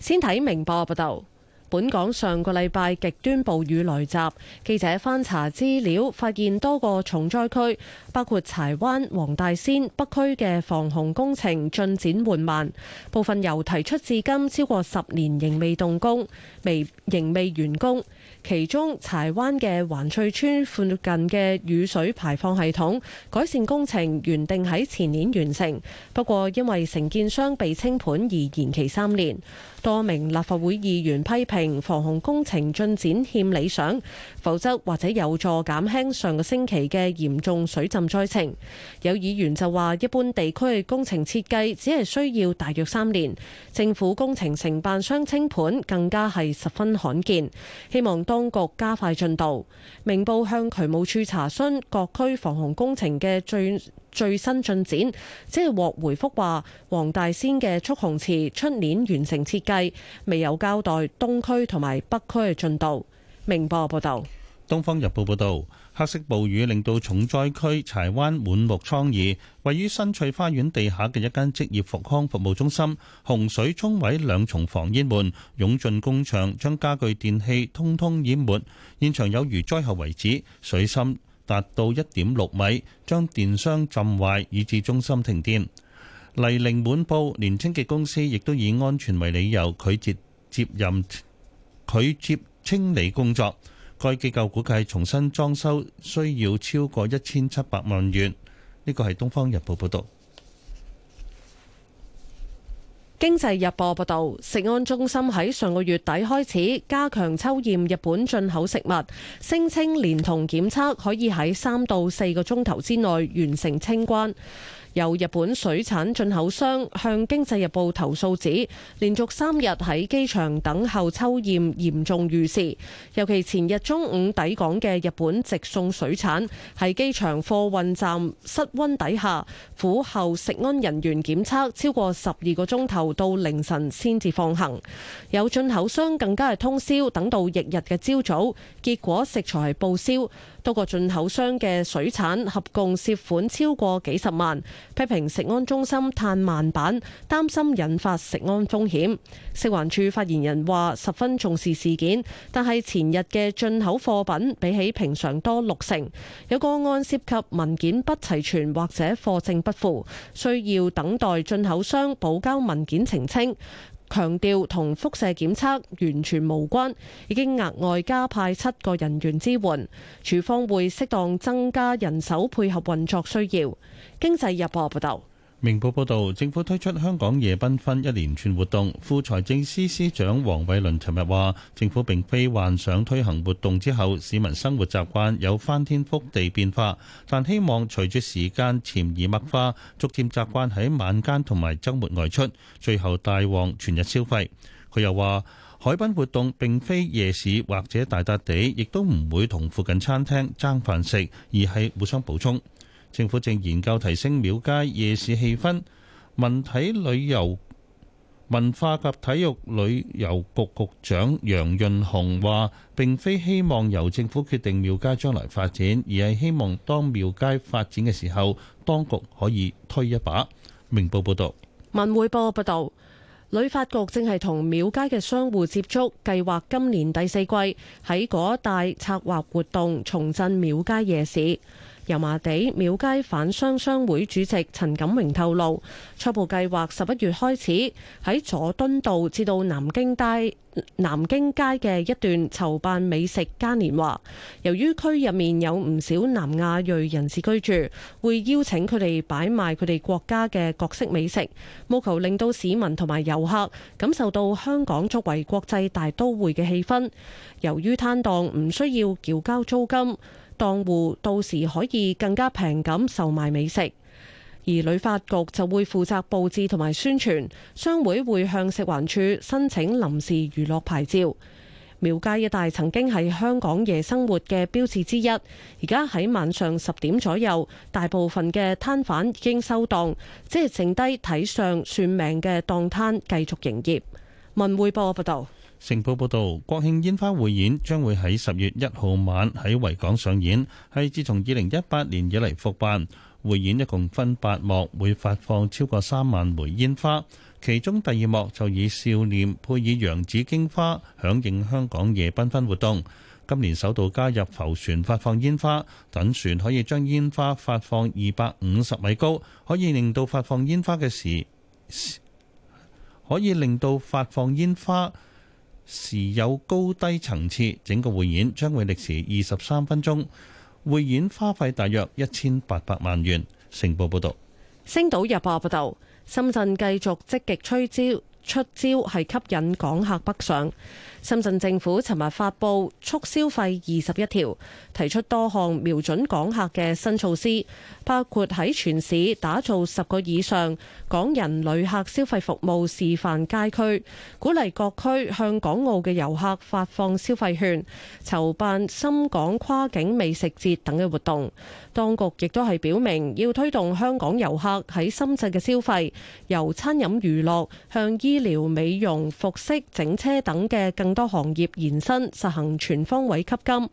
先睇明報報道。本港上個禮拜極端暴雨來襲，記者翻查資料發現多個重災區，包括柴灣、黃大仙、北區嘅防洪工程進展緩慢，部分由提出至今超過十年仍未動工，未，仍未完工。其中柴灣嘅環翠村附近嘅雨水排放系統改善工程原定喺前年完成，不過因為承建商被清盤而延期三年。多名立法會議員批評防洪工程進展欠理想，否則或者有助減輕上個星期嘅嚴重水浸災情。有議員就話：一般地區嘅工程設計只係需要大約三年，政府工程承辦商清盤更加係十分罕見。希望當局加快進度。明報向渠務處查詢各區防洪工程嘅最最新進展，即係獲回覆話，黃大仙嘅蓄洪池出年完成設計，未有交代東區同埋北區嘅進度。明報、啊、報道《東方日報》報道，黑色暴雨令到重災區柴灣滿目瘡痍。位於新翠花園地下嘅一間職業復康服務中心，洪水沖毀兩重防煙門，湧進工場，將家具、電器通通淹沒。現場有如災後遺址，水深達到一點六米，將電箱浸壞，以致中心停電。黎寧滿布，連清潔公司亦都以安全為理由拒絕接任，拒接清理工作。該機構估計重新裝修需要超過一千七百萬元。呢個係東方日報報道。經濟日報報導，食安中心喺上個月底開始加強抽驗日本進口食物，聲稱連同檢測可以喺三到四個鐘頭之內完成清關。由日本水產進口商向經濟日報投訴指，連續三日喺機場等候抽驗嚴重遇事，尤其前日中午抵港嘅日本直送水產，喺機場貨運站室溫底下苦候食安人員檢測超過十二個鐘頭，到凌晨先至放行。有進口商更加係通宵等到翌日嘅朝早，結果食材係報銷。多個進口商嘅水產合共涉款超過幾十萬，批評食安中心嘆慢板，擔心引發食安風險。食環署發言人話：十分重視事件，但係前日嘅進口貨品比起平常多六成，有個案涉及文件不齊全或者貨證不符，需要等待進口商補交文件澄清。強調同輻射檢測完全無關，已經額外加派七個人員支援，廚房會適當增加人手配合運作需要。經濟日報報道。明報報道，政府推出香港夜繽紛一連串活動。副財政司司長黃偉倫尋日話，政府並非幻想推行活動之後市民生活習慣有翻天覆地變化，但希望隨住時間潛移默化，逐漸習慣喺晚間同埋周末外出，最後大旺全日消費。佢又話，海濱活動並非夜市或者大笪地，亦都唔會同附近餐廳爭飯食，而係互相補充。政府正研究提升廟街夜市氣氛，文體旅遊文化及體育旅遊局局長楊潤雄話，並非希望由政府決定廟街將來發展，而係希望當廟街發展嘅時候，當局可以推一把。明報報道，文匯報報道，旅發局正係同廟街嘅商戶接觸，計劃今年第四季喺嗰一帶策劃活動，重振廟街夜市。油麻地廟街反商商會主席陳錦榮透露，初步計劃十一月開始喺佐敦道至到南京街、南京街嘅一段籌辦美食嘉年華。由於區入面有唔少南亞裔人士居住，會邀請佢哋擺賣佢哋國家嘅各式美食，務求令到市民同埋遊客感受到香港作為國際大都會嘅氣氛。由於攤檔唔需要繳交租金。檔戶到時可以更加平咁售賣美食，而旅發局就會負責佈置同埋宣傳，商會會向食環署申請臨時娛樂牌照。廟街一帶曾經係香港夜生活嘅標誌之一，而家喺晚上十點左右，大部分嘅攤販已經收檔，只係剩低睇相算命嘅檔攤繼續營業。文匯報報道。成報報導，國慶煙花匯演將會喺十月一號晚喺維港上演，係自從二零一八年以嚟復辦匯演，一共分八幕，會發放超過三萬枚煙花。其中第二幕就以笑臉配以洋紫荊花，響應香港夜繽紛活動。今年首度加入浮船發放煙花，等船可以將煙花發放二百五十米高，可以令到發放煙花嘅時，可以令到發放煙花時有高低層次，整個匯演將會歷時二十三分鐘，匯演花費大約一千八百萬元。成報報道，星島日報報道，深圳繼續積極吹招出招，係吸引港客北上。深圳政府尋日發布促消費二十一條，提出多項瞄準港客嘅新措施，包括喺全市打造十個以上港人旅客消費服務示範街區，鼓勵各區向港澳嘅遊客發放消費券，籌辦深港跨境美食節等嘅活動，當局亦都係表明要推動香港遊客喺深圳嘅消費由餐飲娛樂向醫療美容、服飾整車等嘅更。多行業延伸實行全方位吸金，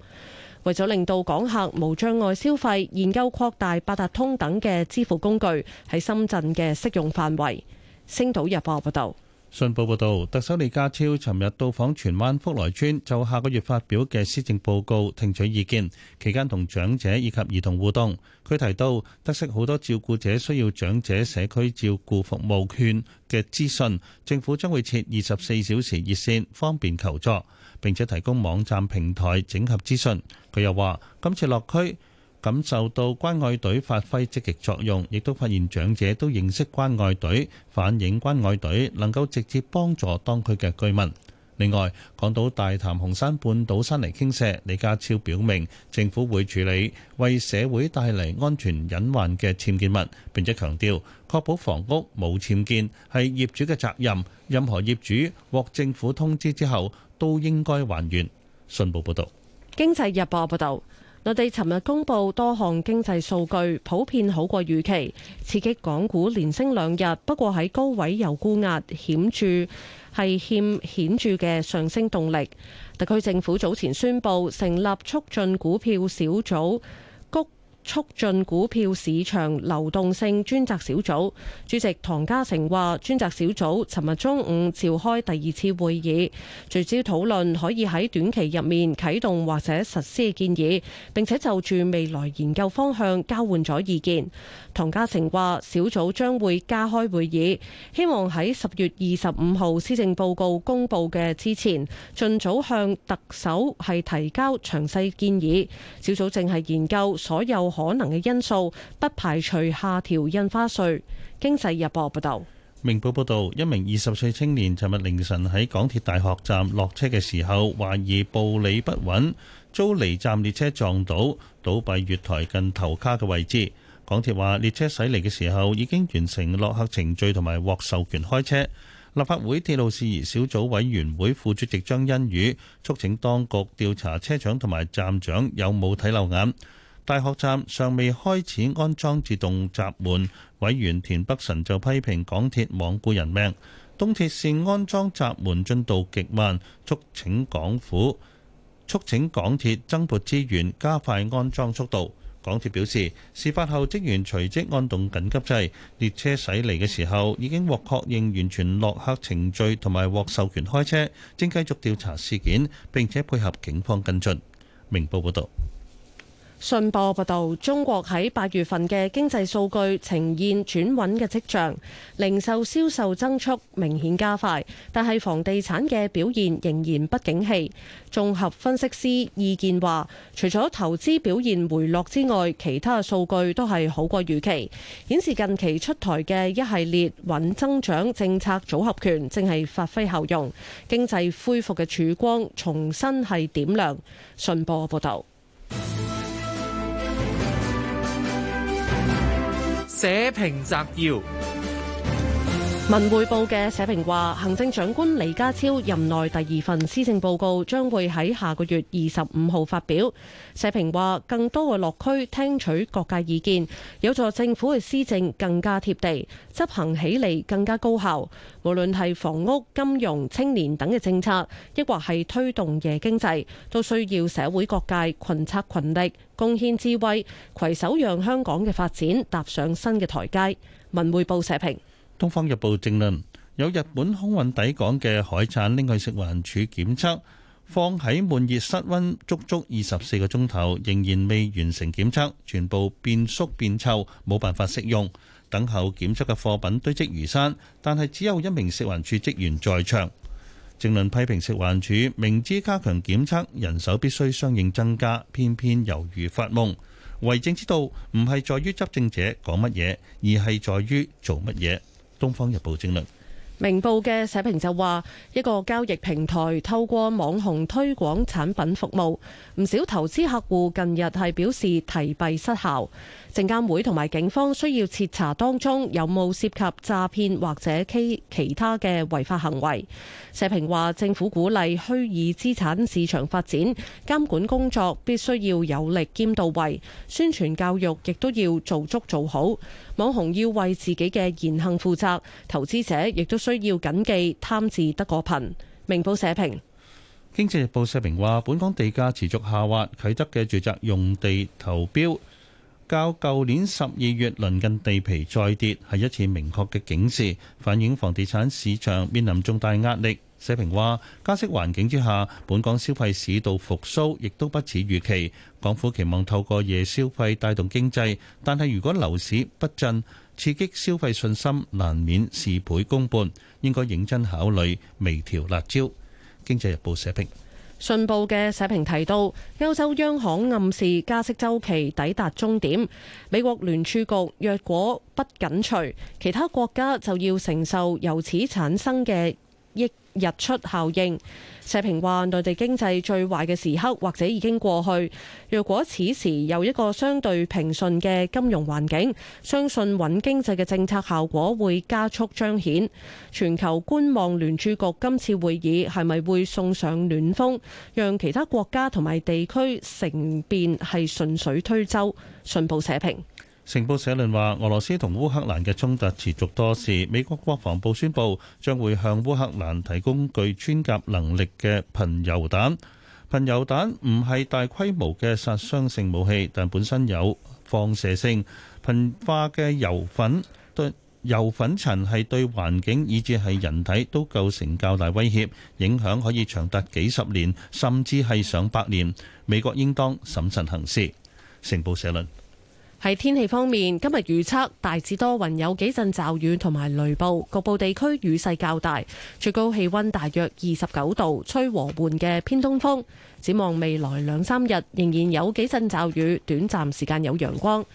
為咗令到港客無障礙消費，研究擴大八達通等嘅支付工具喺深圳嘅適用範圍。星島日報報道。信報報道，特首李家超尋日到訪荃灣福來邨，就下個月發表嘅施政報告聽取意見，期間同長者以及兒童互動。佢提到，得悉好多照顧者需要長者社區照顧服務券嘅資訊，政府將會設二十四小時熱線方便求助，並且提供網站平台整合資訊。佢又話，今次落區，感受到關愛隊發揮積極作用，亦都發現長者都認識關愛隊，反映關愛隊能夠直接幫助當區嘅居民。另外，港島大潭紅山半島山泥傾瀉，李家超表明政府會處理為社會帶嚟安全隱患嘅僭建物，並且強調確保房屋冇僭建係業主嘅責任，任何業主獲政府通知之後都應該還原。信報報導，《經濟日報》報導。內地尋日公布多項經濟數據，普遍好過預期，刺激港股連升兩日。不過喺高位又沽壓顯著，係欠顯著嘅上升動力。特區政府早前宣布成立促進股票小組。促進股票市場流動性專責小組主席唐家成話：專責小組尋日中午召開第二次會議，聚焦討論可以喺短期入面啟動或者實施建議，並且就住未來研究方向交換咗意見。唐家成話：小組將會加開會議，希望喺十月二十五號施政報告公布嘅之前，盡早向特首係提交詳細建議。小組正係研究所有可能嘅因素，不排除下調印花稅。經濟日報報道。明報報道，一名二十歲青年尋日凌晨喺港鐵大學站落車嘅時候，懷疑步履不穩，遭離站列車撞倒，倒斃月台近頭卡嘅位置。港鐵話列車駛嚟嘅時候，已經完成落客程序同埋獲授權開車。立法會鐵路事宜小組委員會副主席張欣宇促請當局調查車長同埋站長有冇睇漏眼。大學站尚未開始安裝自動閘門，委員田北辰就批評港鐵罔顧人命。東鐵線安裝閘門進度極慢，促請港府，促請港鐵增撥資源，加快安裝速度。港鐵表示，事發後職員隨即按動緊急掣，列車駛離嘅時候已經獲確認完全落客程序，同埋獲授權開車，正繼續調查事件，並且配合警方跟進。明報報導。信報報道，中國喺八月份嘅經濟數據呈現轉穩嘅跡象，零售銷售增速明顯加快，但係房地產嘅表現仍然不景氣。綜合分析師意見話，除咗投資表現回落之外，其他數據都係好過預期，顯示近期出台嘅一系列穩增長政策組合拳正係發揮效用，經濟恢復嘅曙光重新係點亮。信報報道。寫評摘要。文匯報嘅社評話，行政長官李家超任內第二份施政報告將會喺下個月二十五號發表。社評話，更多嘅落區聽取各界意見，有助政府嘅施政更加貼地，執行起嚟更加高效。無論係房屋、金融、青年等嘅政策，亦或係推動夜經濟，都需要社會各界群策群力，貢獻智慧，携手讓香港嘅發展踏上新嘅台階。文匯報社評。《東方日報證論》政論有日本空運抵港嘅海產拎去食環署檢測，放喺悶熱室温足足二十四個鐘頭，仍然未完成檢測，全部變縮變臭，冇辦法食用。等候檢測嘅貨品堆積如山，但係只有一名食環署職員在場。政論批評食環署明知加強檢測，人手必須相應增加，偏偏猶如發夢。為政之道唔係在於執政者講乜嘢，而係在於做乜嘢。東方日報》精略，明報嘅社評就話：一個交易平台透過網紅推廣產品服務，唔少投資客戶近日係表示提幣失效。證監會同埋警方需要徹查當中有冇涉及詐騙或者欺其他嘅違法行為。社評話：政府鼓勵虛擬資產市場發展，監管工作必須要有力兼到位，宣傳教育亦都要做足做好。網紅要為自己嘅言行負責，投資者亦都需要緊記貪字得個貧。明報社評。《經濟日報》社評話：本港地價持續下滑，啟德嘅住宅用地投標，較舊年十二月鄰近地皮再跌，係一次明確嘅警示，反映房地產市場面臨重大壓力。社評話：加息環境之下，本港消費市道復甦亦都不似預期。港府期望透過夜消費帶動經濟，但係如果樓市不振，刺激消費信心難免事倍功半，應該認真考慮微調辣招。經濟日報社評。信報嘅社評提到，歐洲央行暗示加息週期抵達終點，美國聯儲局若果不緊隨，其他國家就要承受由此產生嘅溢。日出效應，社評話內地經濟最壞嘅時刻或者已經過去。若果此時有一個相對平順嘅金融環境，相信穩經濟嘅政策效果會加速彰顯。全球觀望聯儲局今次會議係咪會送上暖風，讓其他國家同埋地區成變係順水推舟？信報社評。成報社論話：俄羅斯同烏克蘭嘅衝突持續多時，美國國防部宣布將會向烏克蘭提供具穿甲能力嘅貧鈾彈。貧鈾彈唔係大規模嘅殺傷性武器，但本身有放射性。貧化嘅鈾粉對鈾粉塵係對環境以至係人體都構成較大威脅，影響可以長達幾十年甚至係上百年。美國應當審慎行事。成報社論。喺天氣方面，今日預測大致多雲，有幾陣驟雨同埋雷暴，局部地區雨勢較大。最高氣溫大約二十九度，吹和緩嘅偏東風。展望未來兩三日，仍然有幾陣驟雨，短暫時間有陽光。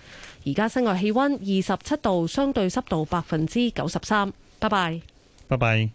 而家室外氣溫二十七度，相對濕度百分之九十三。拜拜，拜拜。